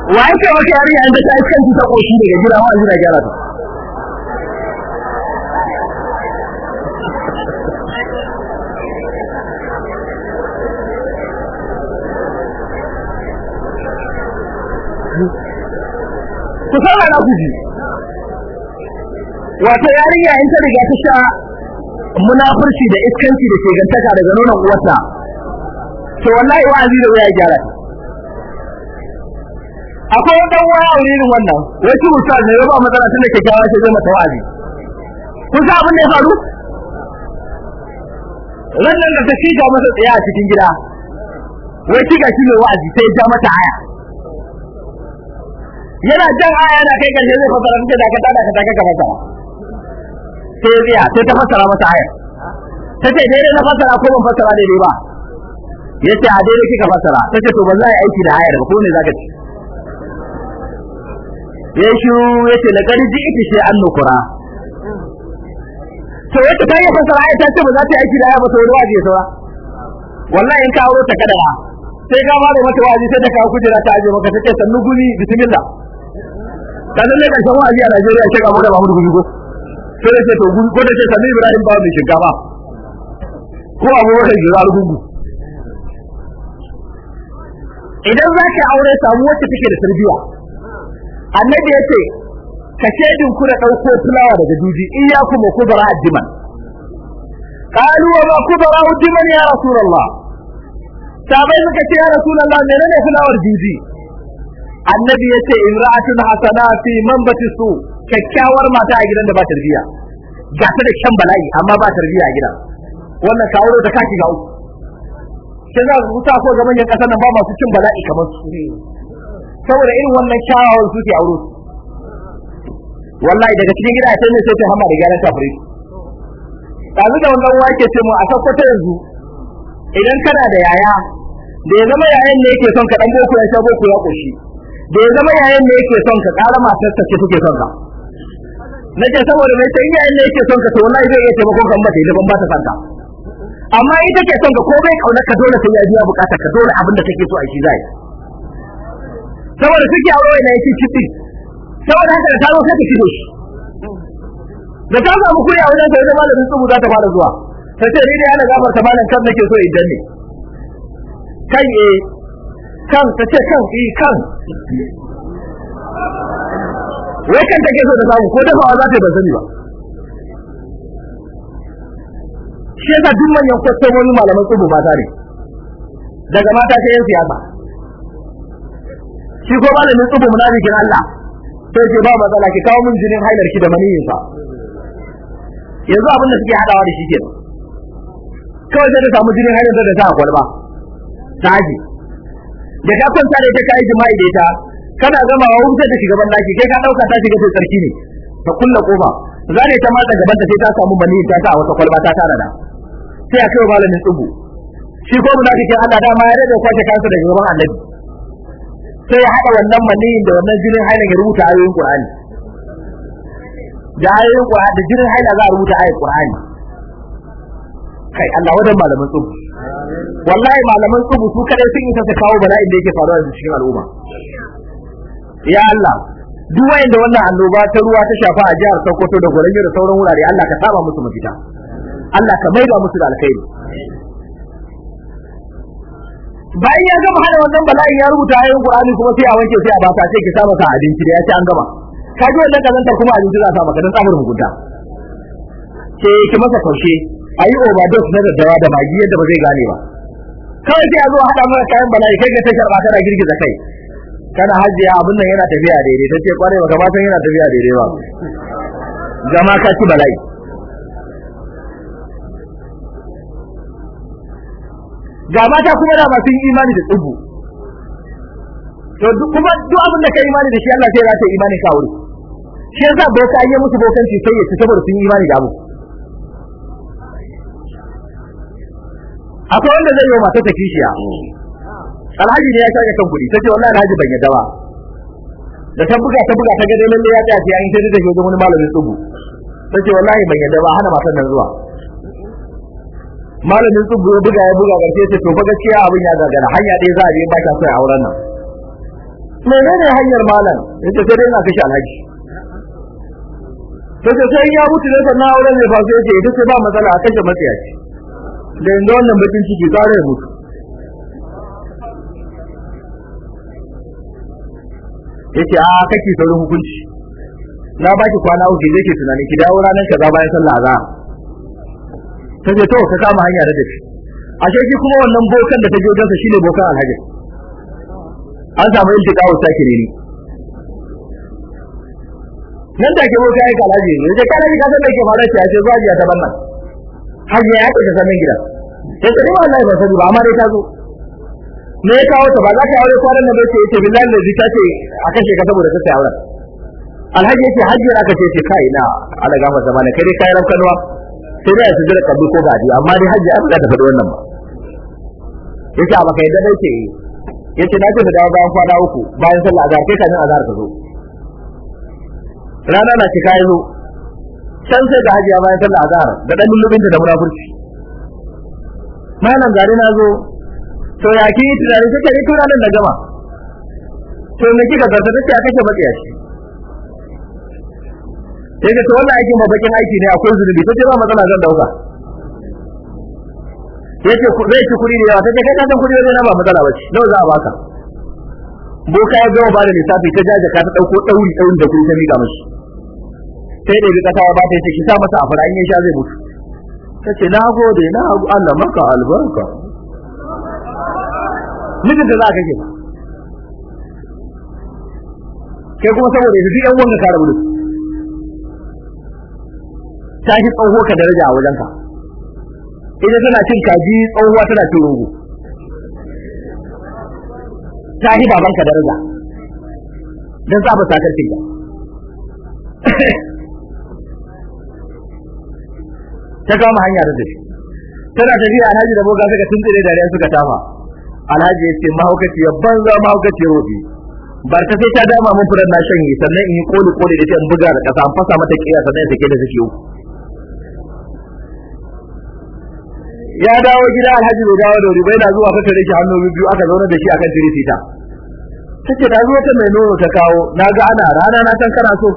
wa yake wata yarinya in ta iskan ta koshi daga gida wa jira gyara ta ku saurara ku ji wato yarinya in ta riga ta sha munafurci da iskanci da ke gantaka daga nonon uwarta to wallahi wa'azi da waya gyara ta akwai wani dan waya wuri irin wannan wai shi musa ne ya ba matsala tun da kyakkyawa ce zai mata wa'azi kun san abin da ya faru wannan da ta ga masa tsaye a cikin gida wai ga shi mai wa'azi sai ja mata aya yana jan aya yana kai karshe zai fasara muke ka dakata kaka fasara sai ya tsaya sai ta fasara mata aya ta ce daidai na fasara ko ban fasara daidai ba ya ce a daidai kika fasara ta ce to ba za a yi aiki da ayar ba ko ne za ka ci ya shiru ya ce laqad ji'ti shay'an nukura to wata ta yi fasara ai ta ce ba za ta yi aiki da ya ba saboda waje ta ba wallahi in ka aure ta kada sai ka ba da mata waje sai ta kawo kujera ta aje maka ta ce sannu gumi bismillah kana ne karshen wa'azi a Najeriya sai ka buga Mahmud Gumi ko sai da ce to gumi ko da ce Sami Ibrahim ba mai shinkafa ko abu wanda ke zuwa idan za ka aure samu wacce take da tarbiyya annabi ya ce ka shedin ku da ɗauko fulawa daga juji iya kuma ku bara addiman qalu wa ma ku bara addiman ya rasulullah sabai muka ce ya rasulullah ne fulawar juji annabi ya ce imra'atun hasana fi manbati su kyakkyawar mata a gidan da ba tarbiya ga ta da shan bala'i amma ba tarbiya a gidan wannan kawo da ta kaki ga uku sai za ku ta ko ga manyan kasar nan ba masu cin bala'i kamar su saboda irin wannan su ke aure wallahi daga cikin gida sai ne sai ta hama da gyaran kafiri yanzu da wannan wake ce mu a sakkwata yanzu idan kana da yaya da ya zama yayan ne yake son ka dan boko ya sha boko ya koshi da ya zama yayan ne yake son ka ƙara masu ta ce son ka ke saboda mai sai yayan ne yake son ka to wallahi zai iya taimakon kan ba ta idan ba ta san ka amma ita ke son ka ko bai kaunar ka dole sai ya biya bukatar ka dole abinda da kake so a shi zai saboda suke aure wai yake kiɗi saboda haka da taro sai ta kiɗo shi da ta samu a wajen sai da malamin tsubu za ta fara zuwa ta ce ni ne ana gabar ta malam kan nake so in ne kan eh kan ta ce kan e kan wai kan take so ta samu ko dafawa za ta yi ban sani ba shi yasa duk manyan kwastomomi malaman tsubu mata ne daga mata ta yan siyasa shi ko malamin tsubu munafikin Allah sai ce ba matsala ki kawo min jinin hailar ki da maniyin sa yanzu abin da suke hadawa da shi ke kawai sai ta samu jinin hailar da ta kwalba ta aji da ka kwanta da ita ta yi jima'i da ita kana zama wa wutar da shugaban daki kai ka dauka ta shiga sai sarki ne ta kulla kofa zane ta matsa gaban ta sai ta samu maniyin ta ta a wata kwalba ta tara da sai a kai malamin tsubu shi ko munafikin Allah dama ya rage kwace kansa daga gaban annabi sai ya haɗa wannan maniyin da wannan jinin haila ya rubuta ayoyin Qur'ani da ayoyin Qur'ani da jinin haila za a rubuta ayoyin Qur'ani kai Allah wadan malaman tsubu wallahi malaman tsubu su kadai sun isa su kawo bala'in da yake faruwa da cikin al'umma ya Allah duk wanda wannan annoba ta ruwa ta shafa a jihar Sokoto da Gombe da sauran wurare Allah ka saba musu mafita Allah ka maida musu da alkhairi bayan ya gama hada wannan bala'in ya rubuta ayoyin Qur'ani kuma sai a wanke sai a baka sai ki saba abinci da ya ci an gama ka ji wannan kazanta kuma abinci za a maka dan tsabar mugunta ke ki masa kaushe ayi overdose na daddawa da magi yadda ba zai gane ba kawai sai a zo hada mana kayan bala'i kai ga ta karba kana girgiza kai kana hajiya abin nan yana tafiya daidai ta ce kwarai ba gama yana tafiya daidai ba Zama ka ci bala'i ga mata kuma da masu yin imani da tsubu to duk kuma duk abin da ka imani da shi Allah ya rataye imanin ka wuri shi yasa ka yi musu bokanci sai ya ci saboda sun yi imani da abu akwai wanda zai yi wa ta kishiya alhaji ne ya shaga kan kuɗi ta ce wallahi alhaji ban yadda ba da ta buga ta buga ta ga dai lalle ya tsaya sai an yi ta da shi wajen wani malamin tsubu ta ce wallahi ban yadda ba hana matan nan zuwa malamin su buga buga ya buga garke ce to fa gaskiya abin ya gagara hanya dai za a je ba ta son auren nan menene hanyar malam yace sai dai na kashi alhaji sai sai ya mutu ne sannan auren ne fa sai ce duk ba matsala a kashe matsayaci da yanzu wannan bakin ciki tsare ya mutu yace a kake saurin hukunci na baki kwana uku zai ke tunanin ki dawo ranar za bayan sallah azhar ta je to ka kama hanya da dafi ashe shi kuma wannan bokan da ta je sa shine bokan alhaji an samu yin iltiqa'u sakiri ne nan da ke bokan aika alhaji ne je kana ji ka san da ke fara ce ashe zuwa ji ta banna hanya ya ta san gida sai kuma Allah ba sani ba amma dai ta zo me ya kawo ta ba za ka aure kwanan nan ba ce yace billahi da zita ce a kashe ka saboda ka sai auren alhaji yace hajjira ka ce ce kai na ala gafa zamana kai dai kai rafkanwa sai dai su jira kabli ko ba amma dai hajji an za ta faɗi wannan ba yace a baka yadda dai ce eh. yace na ce da dawo bayan kwana uku bayan sallah azhar kai kamin azhar ka zo rana na kai zo can sai da hajiya bayan sallah azhar da dan lullubin da munafurci malam gari na zo to ya ki tunani kake ni eh, tunanin da gama to me kika zarta take a kake bakiya sai ka ce wannan aikin aiki ne akwai zunubi ta ce ba matsala zan dauka ya ce zai ci kuɗi da yawa ta ce kai kasan kuɗi wajen ba matsala ba ce nawa za a baka boka ya gama ba da lissafi ta jaja ka ta ɗauko ɗauri ɗauri da kuɗi ta miƙa mashi sai da ta kawo ba ta ce ki sa masa a fara in ya sha zai mutu ta ce na gode na Allah maka albarka mijinta za ka ke kai kuma saboda yanzu duk yan wanka ka rabu da su ta shi tsoho ka daraja a wajenka idan tana cin kaji tsohuwa tana cin rogo ta shi ka daraja don za fasa sakar kin ta kama hanya da shi tana tafiya alhaji da boga suka tuntsire da riyan suka tafa alhaji ya ce mahaukaci ya banza mahaukaci rofi bar ta sai ta dama mun furar na shanye sannan in yi koli koli da ta buga da kasa an fasa mata kiyar sannan ya take da sake uku ya dawo gida alhaji bai dawo da rubai da zuwa fata rike hannu biyu aka zauna da shi akan tirifita tace ta zo ta mai nono ta kawo naga ana rana na san kana so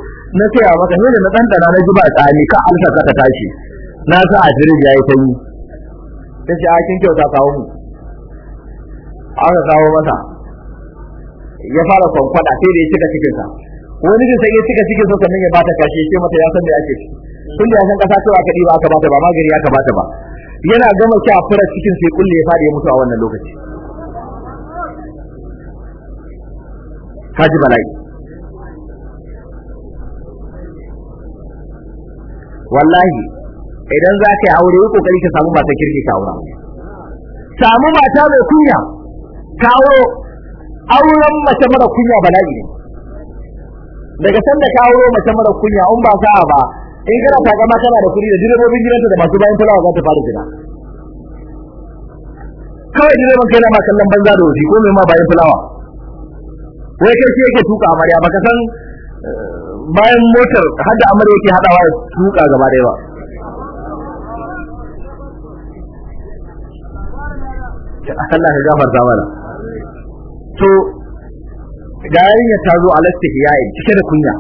na ce a maka ne na dan dana na ji ba tsani ka alsa ka ta tashi na sa a yi yayi sanyi tace a kin kyauta kawo mu aka kawo masa ya fara kwankwada sai da ya cika cikin sa wani da sai ya cika cikin sa sannan ya bata kashi ya ce mata ya san me ake tun da ya san kasa cewa aka diba aka bata ba magani aka bata ba yana gama a fara cikin sai kulle ya fadi ya mutu a wannan lokaci kaji bala'i wallahi idan za ka yi aure yi kokari ka samu mata kirki ka aura samu mata mai kunya kawo auren mace mara kunya bala'i ne daga sanda ka mace mara kunya in ba sa'a ba in kana takama kana da kuɗi da direbobin gidanta da masu bayan fulawa za ta fara gida kawai direban kai na ma kallon banza da wuri, ko mai ma bayan fulawa wai kai shi yake tuka amarya baka san eh, bayan motar hada amarya yake hadawa ya tuka gaba da ba Allah ya gafarta mana to ga yarinya ta zo alastihi yayi cike da kunya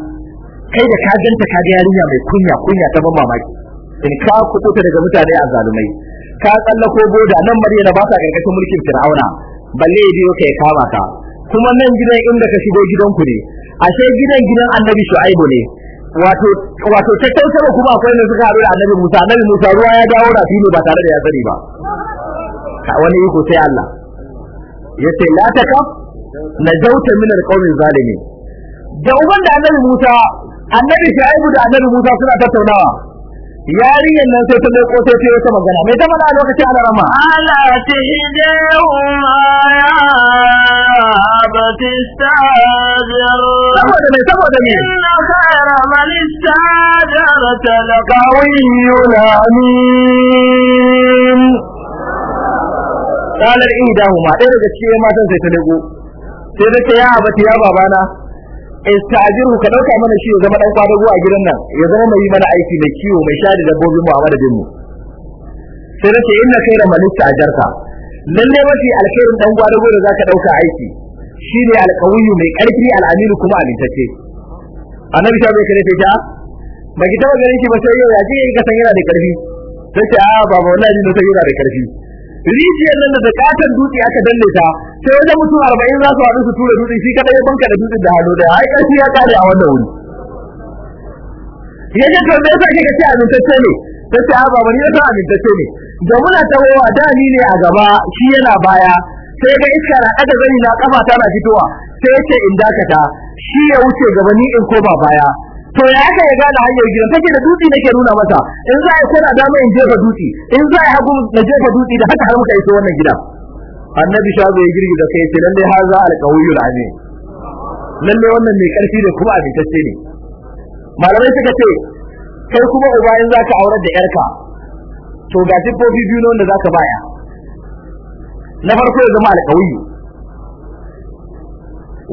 kai da ka ganta ka ga yarinya mai kunya kunya ta ban mamaki in ka kubuta daga mutane a zalumai ka tsallako boda nan Maryam ba sa karkashin mulkin Fir'auna balle ya biyo kai kama ka kuma nan gidan inda ka shigo gidan ku ne ashe gidan gidan Annabi Shu'aibu ne wato wato tattausawa kuma akwai ne suka haɗu da Annabi Musa Annabi Musa ruwa ya dawo da filo ba tare da ya sani ba Ka wani iko sai Allah Ya ce la na najauta min alqawmi zalimin da uban da Annabi Musa annabi shaibu da annabi musa suna tattaunawa yarinyar nan sai ta leko sai ta yi magana mai ta mana a lokacin alarama ala umma ya
abati stajir saboda me saboda me inna khayra man istajar talaqawiyyun amin kalar idahuma ɗaya daga cikin matan sai ta leko sai ta ya
abati ya babana istajiru ka dauka mana shi ya zama dan kwadago a gidan nan ya zama mai mana aiki mai kiwo mai shari dabbobin mu a madadin mu sai ce inna khayra man ajarka lalle mafi alkhairin dan gwadago da zaka dauka aiki shine alqawiyyu mai karfi al'amiru kuma amintacce annabi ta bai kare ta ah, ba ki shi ba sai yau ya ji ka san yana da karfi sai ce a ah, baba wallahi ni na san yana da karfi rijiyar nan da zakatan dutse aka danne ta sai wajen mutum arba'in za su haɗu su tura dutse shi kadai ya banka da dutse da hannu da ai ƙarfi ya kare a wannan wuri ya ce to me yasa kika ce amintacce ne tace a baba ne abin amintacce ne da muna tawowa da ni ne a gaba shi yana baya sai ga iska na ɗaga zani na kafa tana fitowa sai yace in dakata shi ya wuce gaba ni in ko ba baya to ya aka ya gane hanyar gidan take da dutsi dutse ke nuna masa in za a kona dama in jefa dutse in za a hagu na jefa dutse da haka har muka iso wannan gida annabi shabu ya girgiza kai ce lalle haza alqawiyul azim lalle wannan mai karfi da kuma abitacce ne malamai suka ce kai kuma uba in zaka aurar da yarka to ga sifofi biyu wanda zaka baya na farko ya zama alqawiyu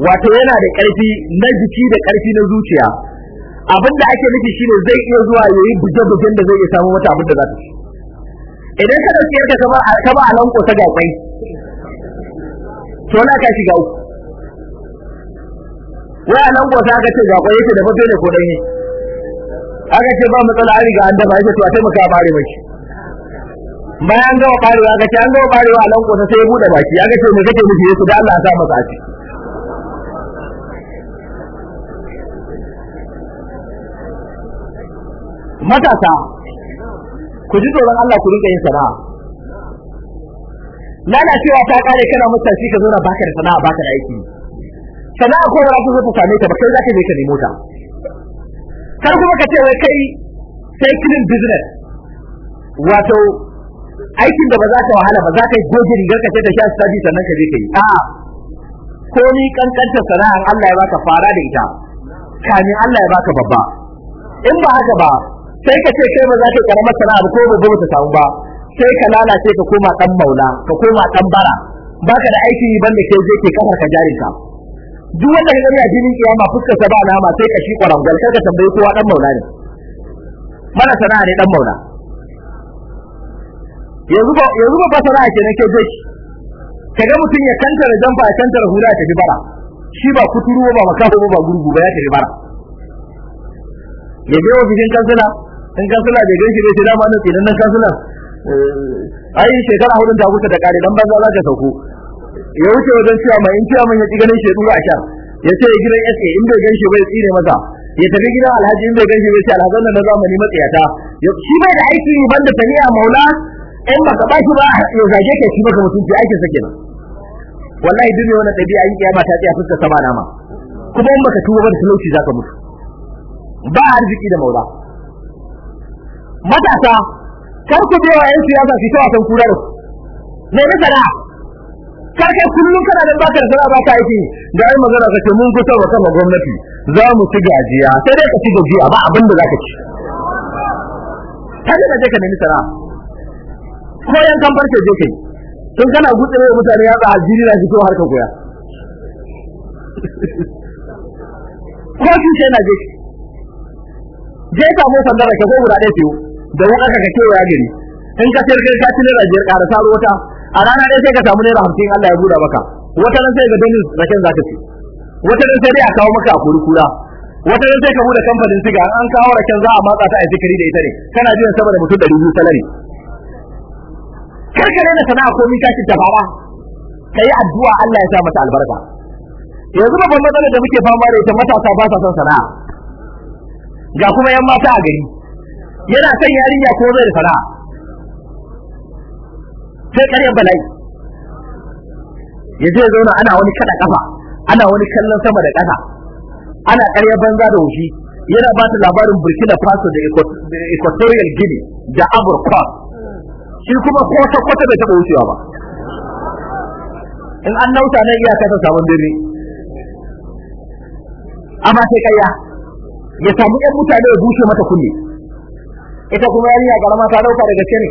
wato yana da karfi na jiki da karfi na zuciya abin da ake nufi shine zai iya zuwa yayi buje-bujen da zai iya samu mata abin da za ta ci idan ka dauke ka kama kama a lanko ta gaƙai to na ka shiga uku wai a lanko ta ka ce gaƙai yake da fate ne ko ne? aka ce ba matsala an riga an dama yake to a taimaka a bare maki bayan gawa barewa aka ce an gawa barewa a lanko ta sai ya bude baki aka ce me kake nufi yake da Allah ya sa masa a matasa ku ji tsoron Allah ku rinka yin sana'a lalacewa ta kare kana matashi ka zo na baka da sana'a baka da aiki sana'a ko ba za ta same ta ba kai za ka je ka nemo ta kar kuma ka ce wai kai sai kilin business wato aikin da ba za ka wahala ba za ka yi goge rigar ka ce ta sha study sannan ka je ka yi a'a ko ni kankanta sana'ar Allah ya baka fara da ita kamin Allah ya baka babba in ba haka ba sai ka ce kai ba za ka karamar sana'a ba ko ba zo ta samu ba sai ka lalace ka koma dan maula ka koma dan bara baka da aiki ban da kai je ke kafar ka jarin ka duk wanda ka gani a filin kiyama fuskar sa ba nama sai ka shi kwarangal sai ka tambayi kowa dan maula ne mana sana'a ne dan maula yanzu ba yanzu ba fa sana'a kenan ke je ga mutum ya kantara jamfa ya kantara hura ta bara shi ba kuturu ba makaho ba gurgu ba ya ta bara ya je wa bikin kansila in kansila bai gaishe bai ce dama nan tsinan nan kansila eh, ai shekara hudun ta kusa da kare dan banza za ka sauko ya wuce wajen cewa mai in cewa mun ya ci ganin shedu a can ya ce gidan SA in bai gaishe bai tsire maza. ya tafi gidan alhaji in bai gaishe bai ce alhazan na zamani matsayata shi bai da aiki ne banda taniya maula in baka ba shi ba ya zage ka shi baka mutunci aikin sa kenan wallahi duk wani dabi'a in kiyama ta tsaya fuskar sama nama kuma in baka tuba ba da talauci zaka mutu ba arziki da maula matasa kar ku biya yan siyasa su ta wasan kura da ku me ne sana kar kai kullum kana da baka da ba baka aiki da ai magana ka ce mun kusa wa kama gwamnati za mu ci gajiya sai dai ka ci gajiya ba abin da za zaka ci kada da je ka nemi sana ko yan kan barke je kai tun kana gutsire mutane ya tsaya aljiri na cikin harkar koya ko shi sai na je je ka mu sandara ka ko guda ɗaya ce da wuka kaga ya gari in ka sayar kai ka ci naira biyar ƙara saro wata a rana ɗaya sai ka samu naira hamsin Allah ya buɗa maka wata nan sai ga danin raken za ka ci wata nan sai dai a kawo maka a kurkura wata nan sai ka buɗe kamfanin siga an kawo raken za a matsa ta a sikari da ita ne kana biyan saba da mutum ɗari biyu salari kar ka daina sana'a komai min kashi tabara kai addu'a Allah ya sa mata albarka yanzu babban matsalar da muke fama da ita matasa ba sa son sana'a ga kuma yan mata a gari yana son yarinya ko zai fara sai ƙaryar bala'i ya je zauna ana wani kada kafa ana wani kallon sama da ƙasa ana ƙarya banza da wushi yana ba ta labarin burkina faso da equatorial guinea da aburkwa shi kuma kwata kwata bai taɓa wucewa ba in an nauta nan iya ta sabon dare amma sai kaya ya samu 'yan mutane ya bushe mata kunne ita kuma yarinya karama ta dauka da gaske ne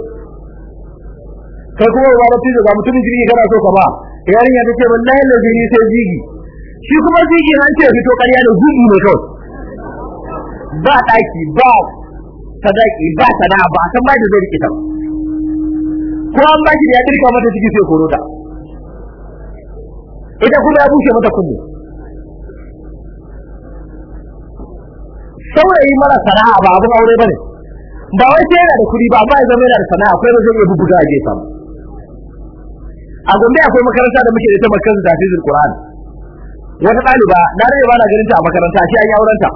kai kuma ba da tijo ba mutumin jini kana so ka ba yarinya take wallahi da jini sai jigi shi kuma jigi nan ce fito karya da gudu ne kawai ba daki ba sadaki ba sada ba san ba da zai rikita ko an baki da ya kirka mata ciki sai koro ta ita kuma ya bushe mata kunu, saurayi mara sana'a ba abin aure ba ne. ba wai sai yana da kuɗi ba amma ya zama yana da sana'a akwai da zai iya bubuga a gefe a gombe akwai makaranta da muke da ita makarantar tafizul qur'an wata ɗaliba na rage ba na ganin ta a makaranta shi an yi auren ta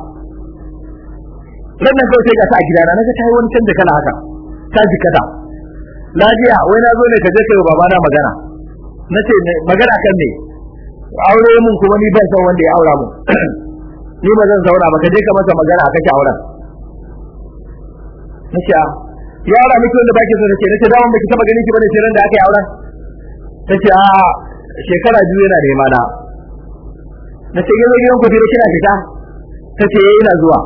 ran nan kawai sai ga ta a gidana na ga ta yi wani canza kala haka ta jikata lafiya ah, wai na zo ne ka je kai wa babana magana na ce magana kan ne aure mun kuma ni ban san wanda ya aura mun ni ba zan zauna ba ka je ka masa magana a kake auren nace a ah, yara miki wanda baki so nace nace dawon baki taba ganin ki bane sai ran da aka yi auren nace a ah, shekara biyu yana da imana nace yanzu gidan ku da kina fita tace eh ina zuwa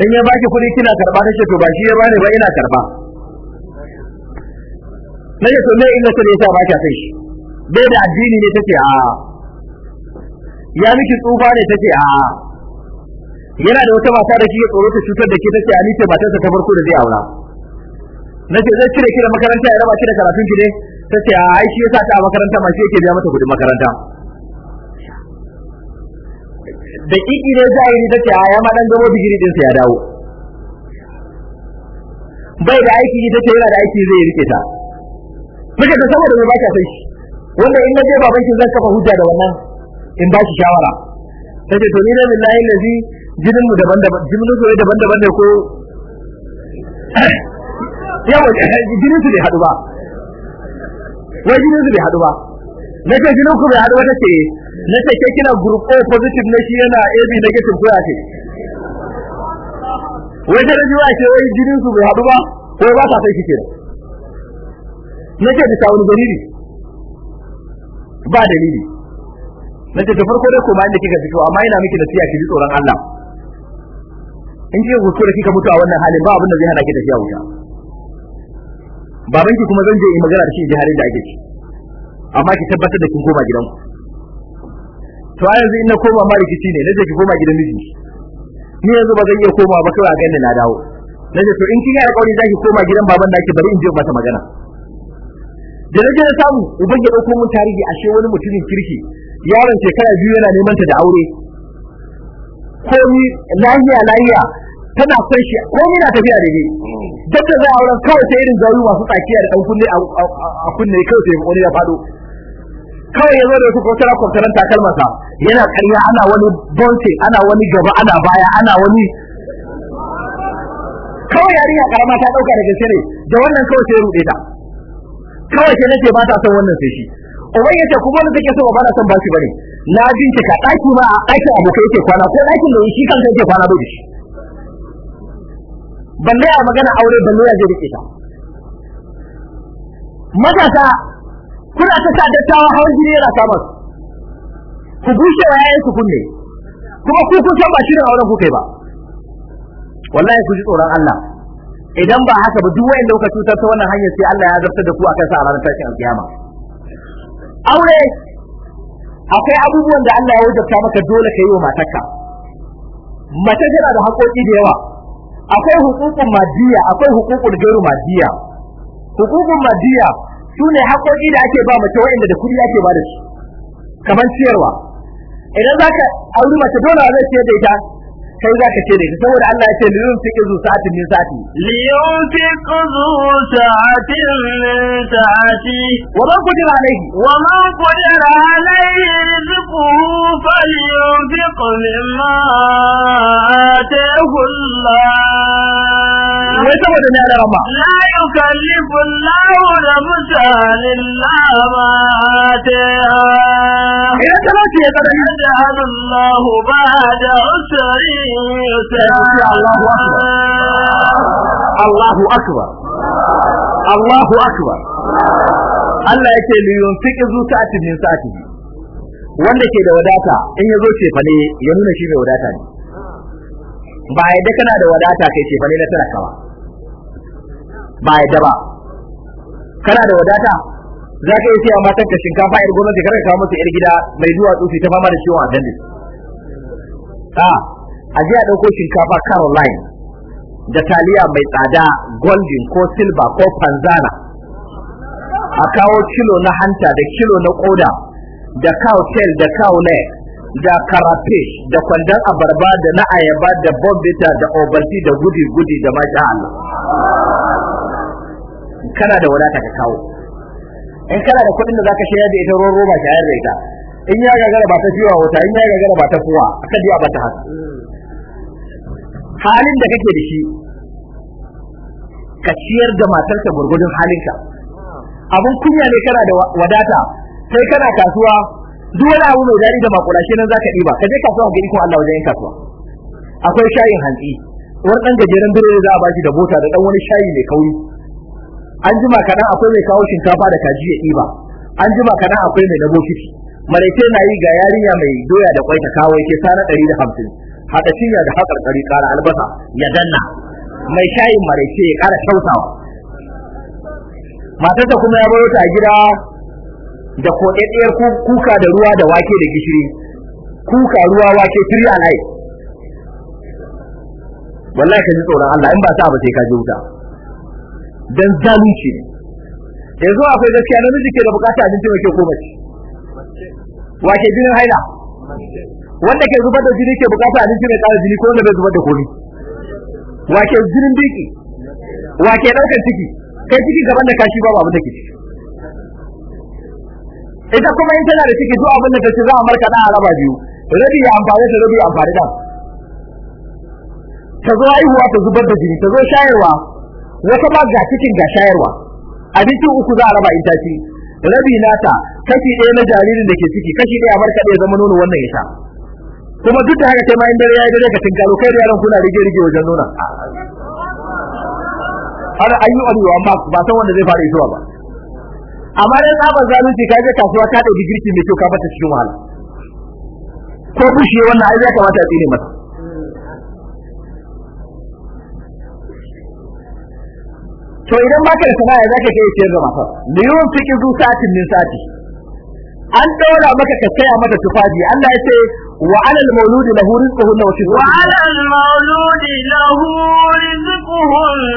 in ya baki kuɗi kina karba tace to ba shi ya bani ba ina karba nace to me illa ta ne ta baki sai bai da addini ne tace a ah. ya miki tsufa ne tace a yana da wata mata da ke tsoro ta cutar da ke tace ani ce matarsa ta farko da zai aura nace zai cire ki da makaranta ya raba ki da karatun ki ne tace a ai shi yasa ta makaranta ma shi yake biya mata kudin makaranta da kiki ne zai yi tace a ya ma dan gabo digiri din sa ya dawo bai da aiki ce yana da aiki zai rike ta muke ta saboda mai ba ka sai shi wanda in naje baban shi zan kafa hujja da wannan in ba shi shawara ce to ni da billahi lazi jinin mu daban-daban jinin su daban-daban ne ko yawa eh, jinin su bai haɗu ba wai jinin su bai haɗu ba na ce jinin ku bai haɗu ba take na ce ke kina group O positive na shi yana AB negative ko ya ce wai da rajuwa ce wai jinin su bai haɗu ba wai ba ta sai kike na ce bisa wani dalili ba dalili na ce da farko dai ko ma inda kika fito amma ina miki nasiha ki bi tsoron Allah in kika da kika mutu a wannan halin ba abin da zai hana ki tafiya wuta babanki kuma zan je yi magana da shi jihar da ake ci amma ki tabbatar da kin koma gidanku to a yanzu in na koma ma rikici ne na je ki koma gidan miji ni yanzu ba zan iya koma ba kawai a ganin na dawo na je to in kin yi alƙawari za ki koma gidan baban da ake bari in je mata magana da na je na samu ubangi ya ɗauko mun tarihi ashe wani mutumin kirki yaron shekara biyu yana neman ta da aure komi lahiya lahiya tana son shi komi na tafiya da ni mm. duk da za a wurin kawai sai irin zauri masu tsakiya da ɗan kunne a kunne kawai sai wani ya faɗo kawai ya zo da su kwatara kwatarar takalmasa yana karya ana wani bonce ana wani gaba ana baya ana wani kawai yarinya karama ta dauka daga gaske ne da wannan kawai sai rude ta kawai sai nake ba ta son wannan sai shi uban yace kuma wanda take so ba na son ba shi bane na bincika ɗaki ba a ɗakin abokai yake kwana ko ɗakin da shi kanka yake kwana bai da shi balle a magana aure balle ya zai rike ta matasa kuna ta sa tawa hawan jini yana kama ku bushe wa yayin ku kunne kuma ku kun san ba shi da auren ku kai ba wallahi ku ji tsoron Allah idan ba haka ba duk wanda kuka cutar ta wannan hanyar sai Allah ya zartar da ku akan sa a ranar tashin alkiyama aure akwai abubuwan da Allah ya wajabta maka dole ka yi wa matarka mace tana da haƙoƙi da yawa akwai hukukun madiya akwai hukukun gairu madiya hukukun madiya sune ne haƙoƙi da ake ba mace waɗanda da kuɗi ake ba da su kamar ciyarwa idan za ka auri mace dole zai ciyar da ita kai za ka ce da saboda Allah ya ce liyun fi izu
sa'atin min sa'ati liyun fi izu sa'atin min sa'ati wa man qadira alayhi wa man qadira alayhi rizquhu falyunfiq mimma ataahu Allah wai saboda ne da rama la yukallifu Allahu nafsan illa ma ataaha idan talaka ya kada Allah ba da usri Allah akbar Allahu akbar Allahu akbar
Allah yake li yunfiqu zu wanda ke da wadata in yazo zo ce fa ne ya nuna shi mai wadata ne ba yadda kana da wadata kai ce fa ne na Ba ba yadda ba kana da wadata za ka iya cewa matan ka shinkafa yar gwamnati kada ka kawo masu yar gida mai duwatsu su ta fama da ciwon a dandis a a je a ɗauko shinkafa caroline da taliya mai tsada golden ko silver ko panzana a kawo kilo na hanta da kilo na koda da cow tail da cow leg da karafish da kwandon abarba da na ayaba da bombita da obalti da gudi-gudi da masha Allah kana da wadata ka kawo in kana da kuɗin da zaka shayar da ita ruwan roba shayar da ita in ya gagara ba ta fiwa wata in ya gagara ba ta fuwa aka biya ba ta haka halin da kake da shi ka ciyar da matarka gurgudun halinka Abin kunya ne kana da wadata sai kana kasuwa duk wani abu mai dadi da makulashe nan zaka ɗiba ka je kasuwa ka gani ko Allah wajen kasuwa akwai shayin hantsi wani ɗan gajeren dare za a bashi da bota da ɗan wani shayi mai kauri an jima kaɗan akwai mai kawo shinkafa da kaji ya diba an jima kaɗan akwai mai na bokiti maraice na yi ga yarinya mai doya da kwai ta kawo yake sana ɗari da hamsin hada ne da haƙarƙari ƙara albasa ya danna mai shayin maraice ya ƙara shautawa matarsa kuma ya baro ta a gida da koɗaɗɗiyar kuka da ruwa da wake da gishiri kuka ruwa wake tiri a nai wallahi ka ji tsoron Allah in ba ta ba sai ka ji wuta dan zalunci ne yanzu akwai gaskiya namiji ke da bukata abinci mai kyau ko mace wake jinin haila wanda ke zubar da jini ke bukata abinci mai kara jini ko wanda bai zubar da komai wa ke jinin biki wa ke daukar ciki kai ciki gaban da kashi babu da take ciki ita kuma in tana da ciki duk abin da ta ci za a marka dan raba biyu rabi ya amfani da rabi amfani da ta zo aihuwa ta zubar da jini ta zo shayarwa wata ba ga cikin ga shayarwa abinci uku za a raba in ta ci rabi nata kashi ɗaya na jaririn da ke ciki kashi ɗaya a marka ɗaya zama nono wannan ya sha kuma duk da haka kai ma in dare yayi dare ka lo kai da yaran kuna rige rige wajen nuna har ayyu abu amma ba san wanda zai fara isuwa ba amma dai tsaban zalunci ka je kasuwa ka dauki girki mai kyau ka bata cikin wahala ko kushi wannan ai ya kamata a tsine masa to idan ba ka da sana'a za ka kai ciyar da matar liyun fiki zu satin min sati an daura maka ka saya mata tufafi Allah ya ce وعلى المولود له رزقهن وكسوتهن وعلى
المولود له رزقهن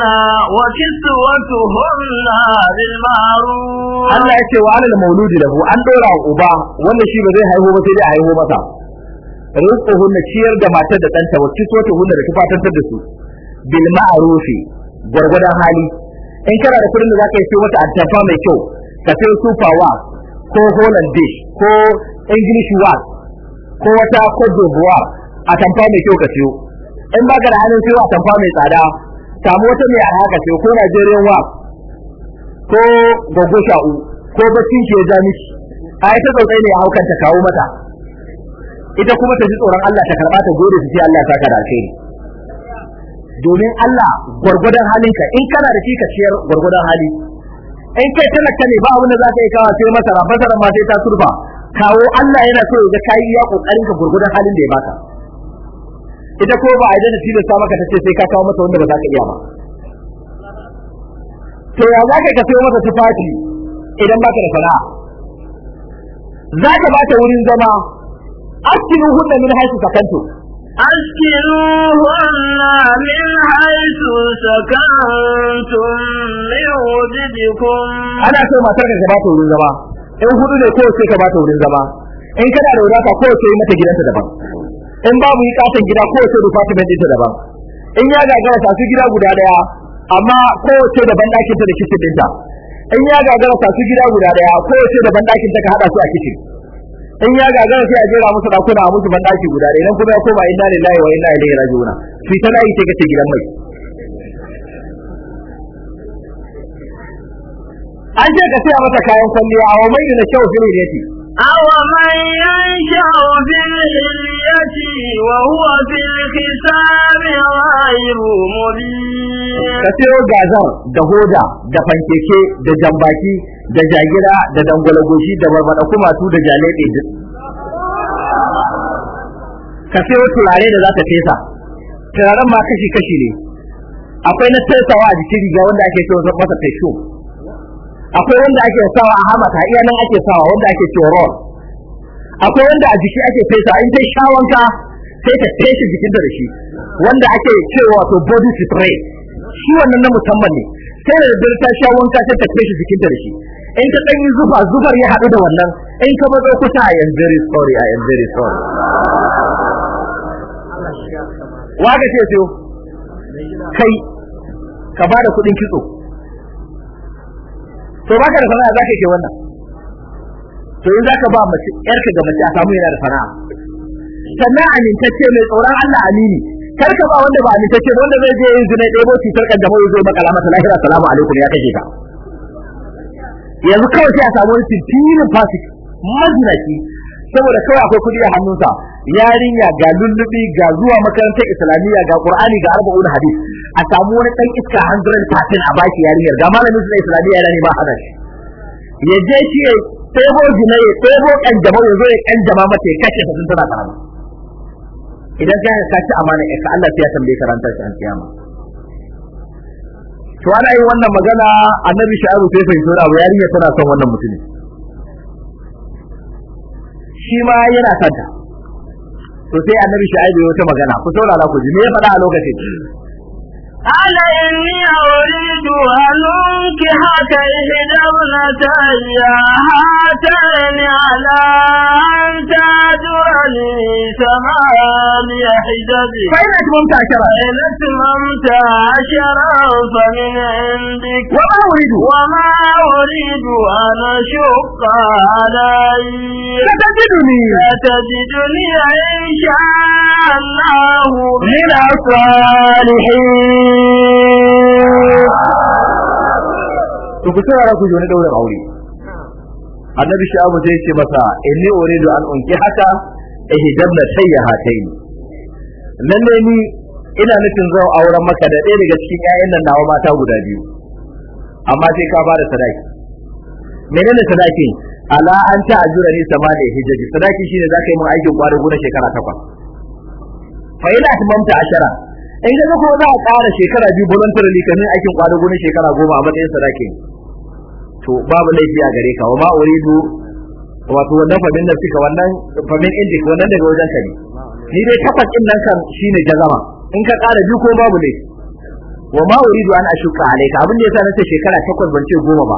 وكسوتهن بالمعروف الله
يكي وعلى المولود له أن دورا أبا ولا شيء بزي هاي هو بسيدي هاي هو بسا رزقهن شير جمع تدت أنت وكسوتهن لكفا تدسو بالمعروف gwargwada hali in kana da kudin da zaka yi wata attafa mai kyau ka sayo super wax ko holland dish ko english wax ko wata Cote buwa a tamfa mai kyau ka siyo in baka da hannun siyo a tamfa mai tsada samu wata mai arha ka siyo ko Najeriya wa ko gogo sha'u ko bacin ke ja miki a ita tsotsai ne a haukan ta kawo mata ita kuma ta ji tsoron Allah ta karbata ta gode su ce Allah ya saka da domin Allah gwargwadon halinka in kana da shi ka ciyar gwargwadon hali in kai talaka ne ba abin da za ka yi kawa sai masara masara ma sai ta turba kawo Allah yana so ya ga kai ya kokarin ka gurgudan halin da ya baka ita ko ba a idan shi da sa maka tace sai ka kawo masa wanda ba za ka iya ba to ya za ka ka sayo masa tufafi idan baka da sana'a za ka bata wurin zama askinu
hunna min haisu sakantu أسكنوهن من حيث سكنتم من ana so matar ka
تركك ta wurin zama in hudu ne kowace ka ta wurin zama in kana da wadata kowace yi mata gidanta daban in babu yi katon gida kowace department ɗinta daban in ya gagara sasu gida guda daya amma kowace da bandakin da kishin ɗinta in ya gagara sasu gida guda daya kowace da bandakin ka hada su a kishin in ya gagara sai a jera musu dakuna a musu bandaki guda daya idan kuma ya koma inna lillahi wa inna ilaihi raji'un fitan yi sai ka gidan mai an je ka siya mata kayan kwalliya a wamai da na kyau fi ce.
A wamai ya sha fi riyati wa huwa fi kisari wa yiru mori.
Ka siyo gazan da hoda da fankeke da jambaki da jagira da dangwalagoshi da barbaɗa kumatu da jalebe duk. Ka siyo turare da za ta fesa. Turaren ma kashi-kashi ne. Akwai na tesawa a jikin riga wanda ake ce wasu masa fesho. akwai wanda ake sawa a hamata iya nan ake sawa wanda ake cewa akwai wanda a jiki ake fesa in kai shawanka sai ka fesa jikinta da shi wanda ake cewa to body spray shi wannan na musamman ne sai da daddare ta sha wanka sai ta fesa jikinta da shi in ka dan yi zufa zufar ya haɗu da wannan in ka bazo kusa a am very sorry a yanzu very sorry waga ce kai ka bada kuɗin kitso to baka da sana'a zaka ke wannan to in zaka ba mace yarka ga mace a samu yana da sana'a sannan amintacce mai tsoron Allah amini kar ka ba wanda ba amintacce wanda zai je yin zina ɗebo cutar kaddamar zai maka lamata lahira salamu alaikum ya kashe ka yanzu kawai sai a samu wani tilin fasik mazinaci saboda kawai akwai kudi a hannunsa yarinya ga lullubi ga zuwa makarantar islamiyya ga qur'ani ga arba'un hadith a samu wani ɗan iska tafin a baki yarinyar ga malamin suna na islamiyya yana ne ba hada shi ya je shi ya tsebo jina ya tsebo ƙanjama ya zo ya kanjama mata ya kashe ta tun tana karama idan ka ka ci amana ka Allah ya tambaye ka shi shi kiyama to ana yin wannan magana annabi sha'abu sai fa yura wa yarinya tana son wannan mutumin shi ma yana santa to sai annabi sha'abu ya wata magana ku saurara ku ji me ya faɗa a lokacin
على إني أريد أن أنكحك إحدى ابنتي هاتين على أن تأتوني ثماني حجج فإن أتممت عشرا فإن أتممت عشرا فمن عندك وما أريد وما أريد أن أشق علي ستجدني ستجدني إن شاء الله kusa الصالحين to ku tsara ku jona daular aure
annabi sha'abu zai ce masa inni uridu an unki haka ihdabna sayyahatain lalle ni ina nufin zan auren maka da daga cikin 'ya'yan nan nawa mata guda biyu amma sai ka bada sadaki menene sadaki ala an ta ajura ni sama da hijabi sadaki shine zaka yi mun aikin kwari gona shekara takwas fa ina atmamta ashara in ga kuma za a ƙara shekara biyu voluntarily kamin aikin kwado gona shekara goma a matsayin sadakin to babu laifi a gare ka wa ma uridu wato wannan famin da suka wannan famin inda wannan daga wajen ka ne ni dai tabbas din nan kan shine jazama in ka ƙara biyu ko babu laifi wa ma uridu an ashuka alayka abin da yasa na ce shekara takwas ban ce goma ba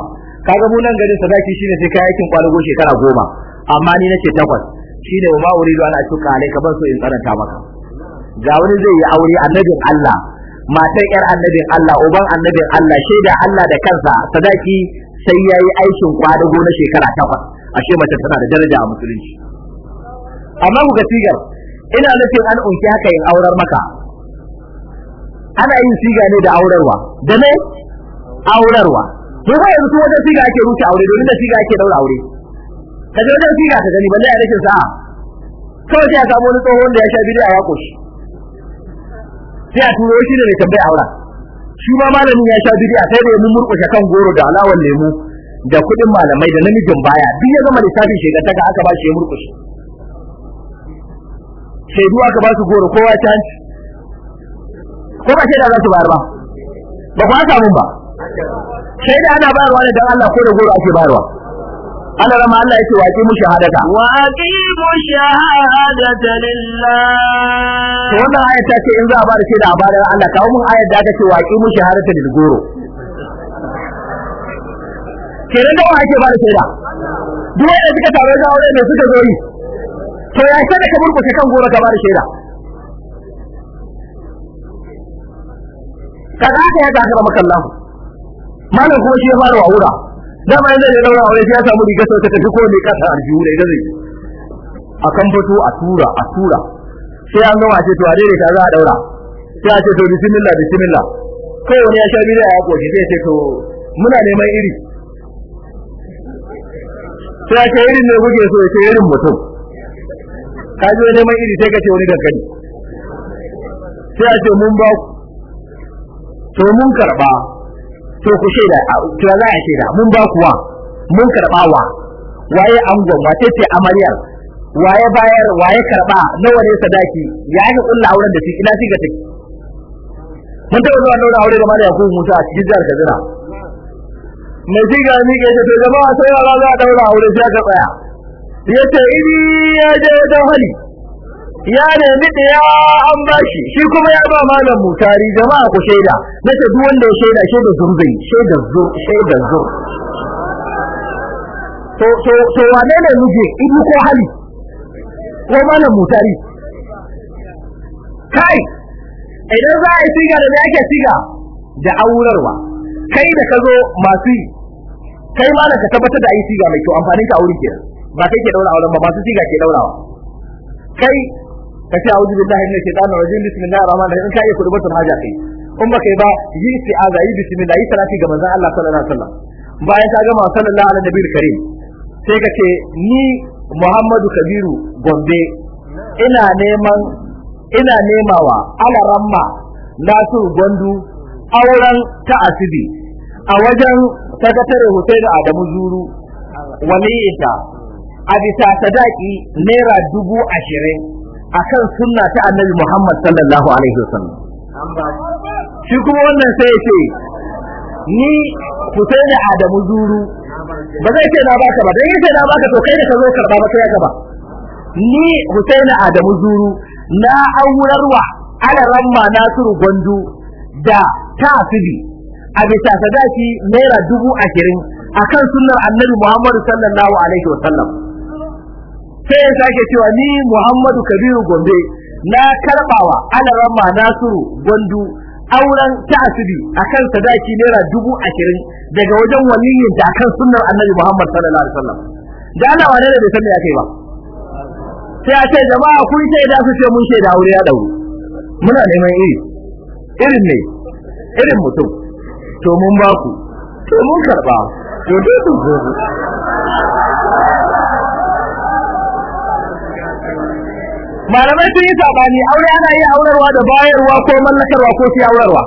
kaga mu nan garin sadaki shine sai kai aikin kwadago shekara goma amma ni nace takwas shine wa ma uridu an ashuka alayka ban so in karanta maka ga wani zai yi aure annabin Allah matar yar annabin Allah uban annabin Allah shaida Allah da kansa sadaki sai yayi aikin kwadago na shekara takwas ashe mace tana da daraja a musulunci amma ku ga sigar ina nufin an unki haka yin aurar maka ana yin siga ne da aurarwa da ne aurarwa to ba yanzu wajen siga ake rufe aure domin da siga ake daura aure ka je wajen siga ka gani balle a rashin sa'a kawai sai a samu wani tsohon da ya sha bidiya ya koshi sai a turo shi ne mai tambayi aura shi ma malamin ya sha a sai da mun murƙushe kan goro da alawan lemu da kuɗin malamai da namijin baya duk ya zama lissafin shaidan ta ga aka ba shi ya murƙushe shaidu aka ba su goro kowa ta hanci ko ba shaida za su bayar ba ba ku samu ba shaida ana bayarwa ne don Allah ko da goro ake bayarwa Allah rama Allah yake wa aqimu shahadata wa aqimu
shahadata lillah
to wannan ayat ta ce in za a bada shaida a bada Allah kawo mun ayat da aka ce wa aqimu shahadata lil goro kenan da wa ake bada shaida duk wanda suka tare da aure ne suka zo yi to ya ce da ka burkushe kan goro ka bada shaida kaza ka ya ta ga makallahu malam kuma shi ya fara wa dama yanzu da daura aure ya samu riga sai ta ko ne kasa arjihu da idan zai a kan fito a tura a tura sai an gama ce to a daidai ta za a daura sai a ce to bismillah bismillah kai wani ya sha bidiya ya koshi sai ce to muna neman iri sai a ce irin ne kuke so ya ce irin mutum ka je neman iri sai ka ce wani dankali sai a ce mun ba ku to mun karba to ku shaida to za a shaida mun ba kuwa mun karɓa wa waye angon wace ce amaryar waye bayar waye karɓa nawa ne sadaki ya aka kullu auren da shi ina shi ga take mun taɓa zuwa daura aure da Mariya Yakubu Musa a cikin jihar Kaduna mai shi ga ni ke ce jama'a sai yara
za a daura aure sai ka tsaya yace idi ya je da hali ya nemi da ya an bashi shi kuma ya ba malam mutari jama'a ku shaida
nace duk wanda ya shaida shaida zurbi shaida zur shaida zur to to to wane ne muje ibu ko hali ko malam mutari kai idan za a yi siga da me ake siga da aurarwa kai da ka zo masu yi kai ma da ka tabbatar da ayi siga mai kyau amfanin ka aure kenan ba kai ke daura auren ba masu siga ke daurawa kai ka ce a'udhu billahi minash shaitanir rajim bismillahir rahmanir rahim in ka iya kudu batun haja kai in baka yi ba yi isti'aza yi bismillah yi salati ga manzon Allah sallallahu alaihi wasallam bayan ka gama sallallahu alaihi nabiyil karim sai ka ce ni Muhammadu Kabiru Gombe ina neman ina nemawa alaramma Nasiru Gwandu auren ta asibi a wajen sakatare hotel Adamu Zuru waliyita a bisa sadaki naira dubu ashirin akan sunna ta annabi Muhammad sallallahu alaihi wasallam shi kuma wannan sai ya ce ni Hussein Adamu Zuru ba zai ce na baka ba dan yace na baka to kai da ka zo karba ba kai ya gaba ni Hussein Adamu Zuru na aurarwa ala ramma Nasiru Gwandu da tafibi a bisa sadaki naira dubu ashirin akan sunnar annabi Muhammad sallallahu alaihi wasallam sai ya sake cewa ni Muhammadu Kabiru Gombe na karbawa ma Nasiru Gondu auren ta a akan sadaki naira dubu ashirin daga wajen waliyin da akan sunnar Annabi Muhammad sallallahu alaihi wasallam da Allah wa da bai san me kai ba sai a ce jama'a kun ce da su ce mun ce da aure ya dawo muna neman iri irin ne irin mutum to mun ba ku to mun karba to dai sun gobe malamai sun yi sabani aure ana yi aurarwa da bayarwa ko mallakarwa ko sai aurarwa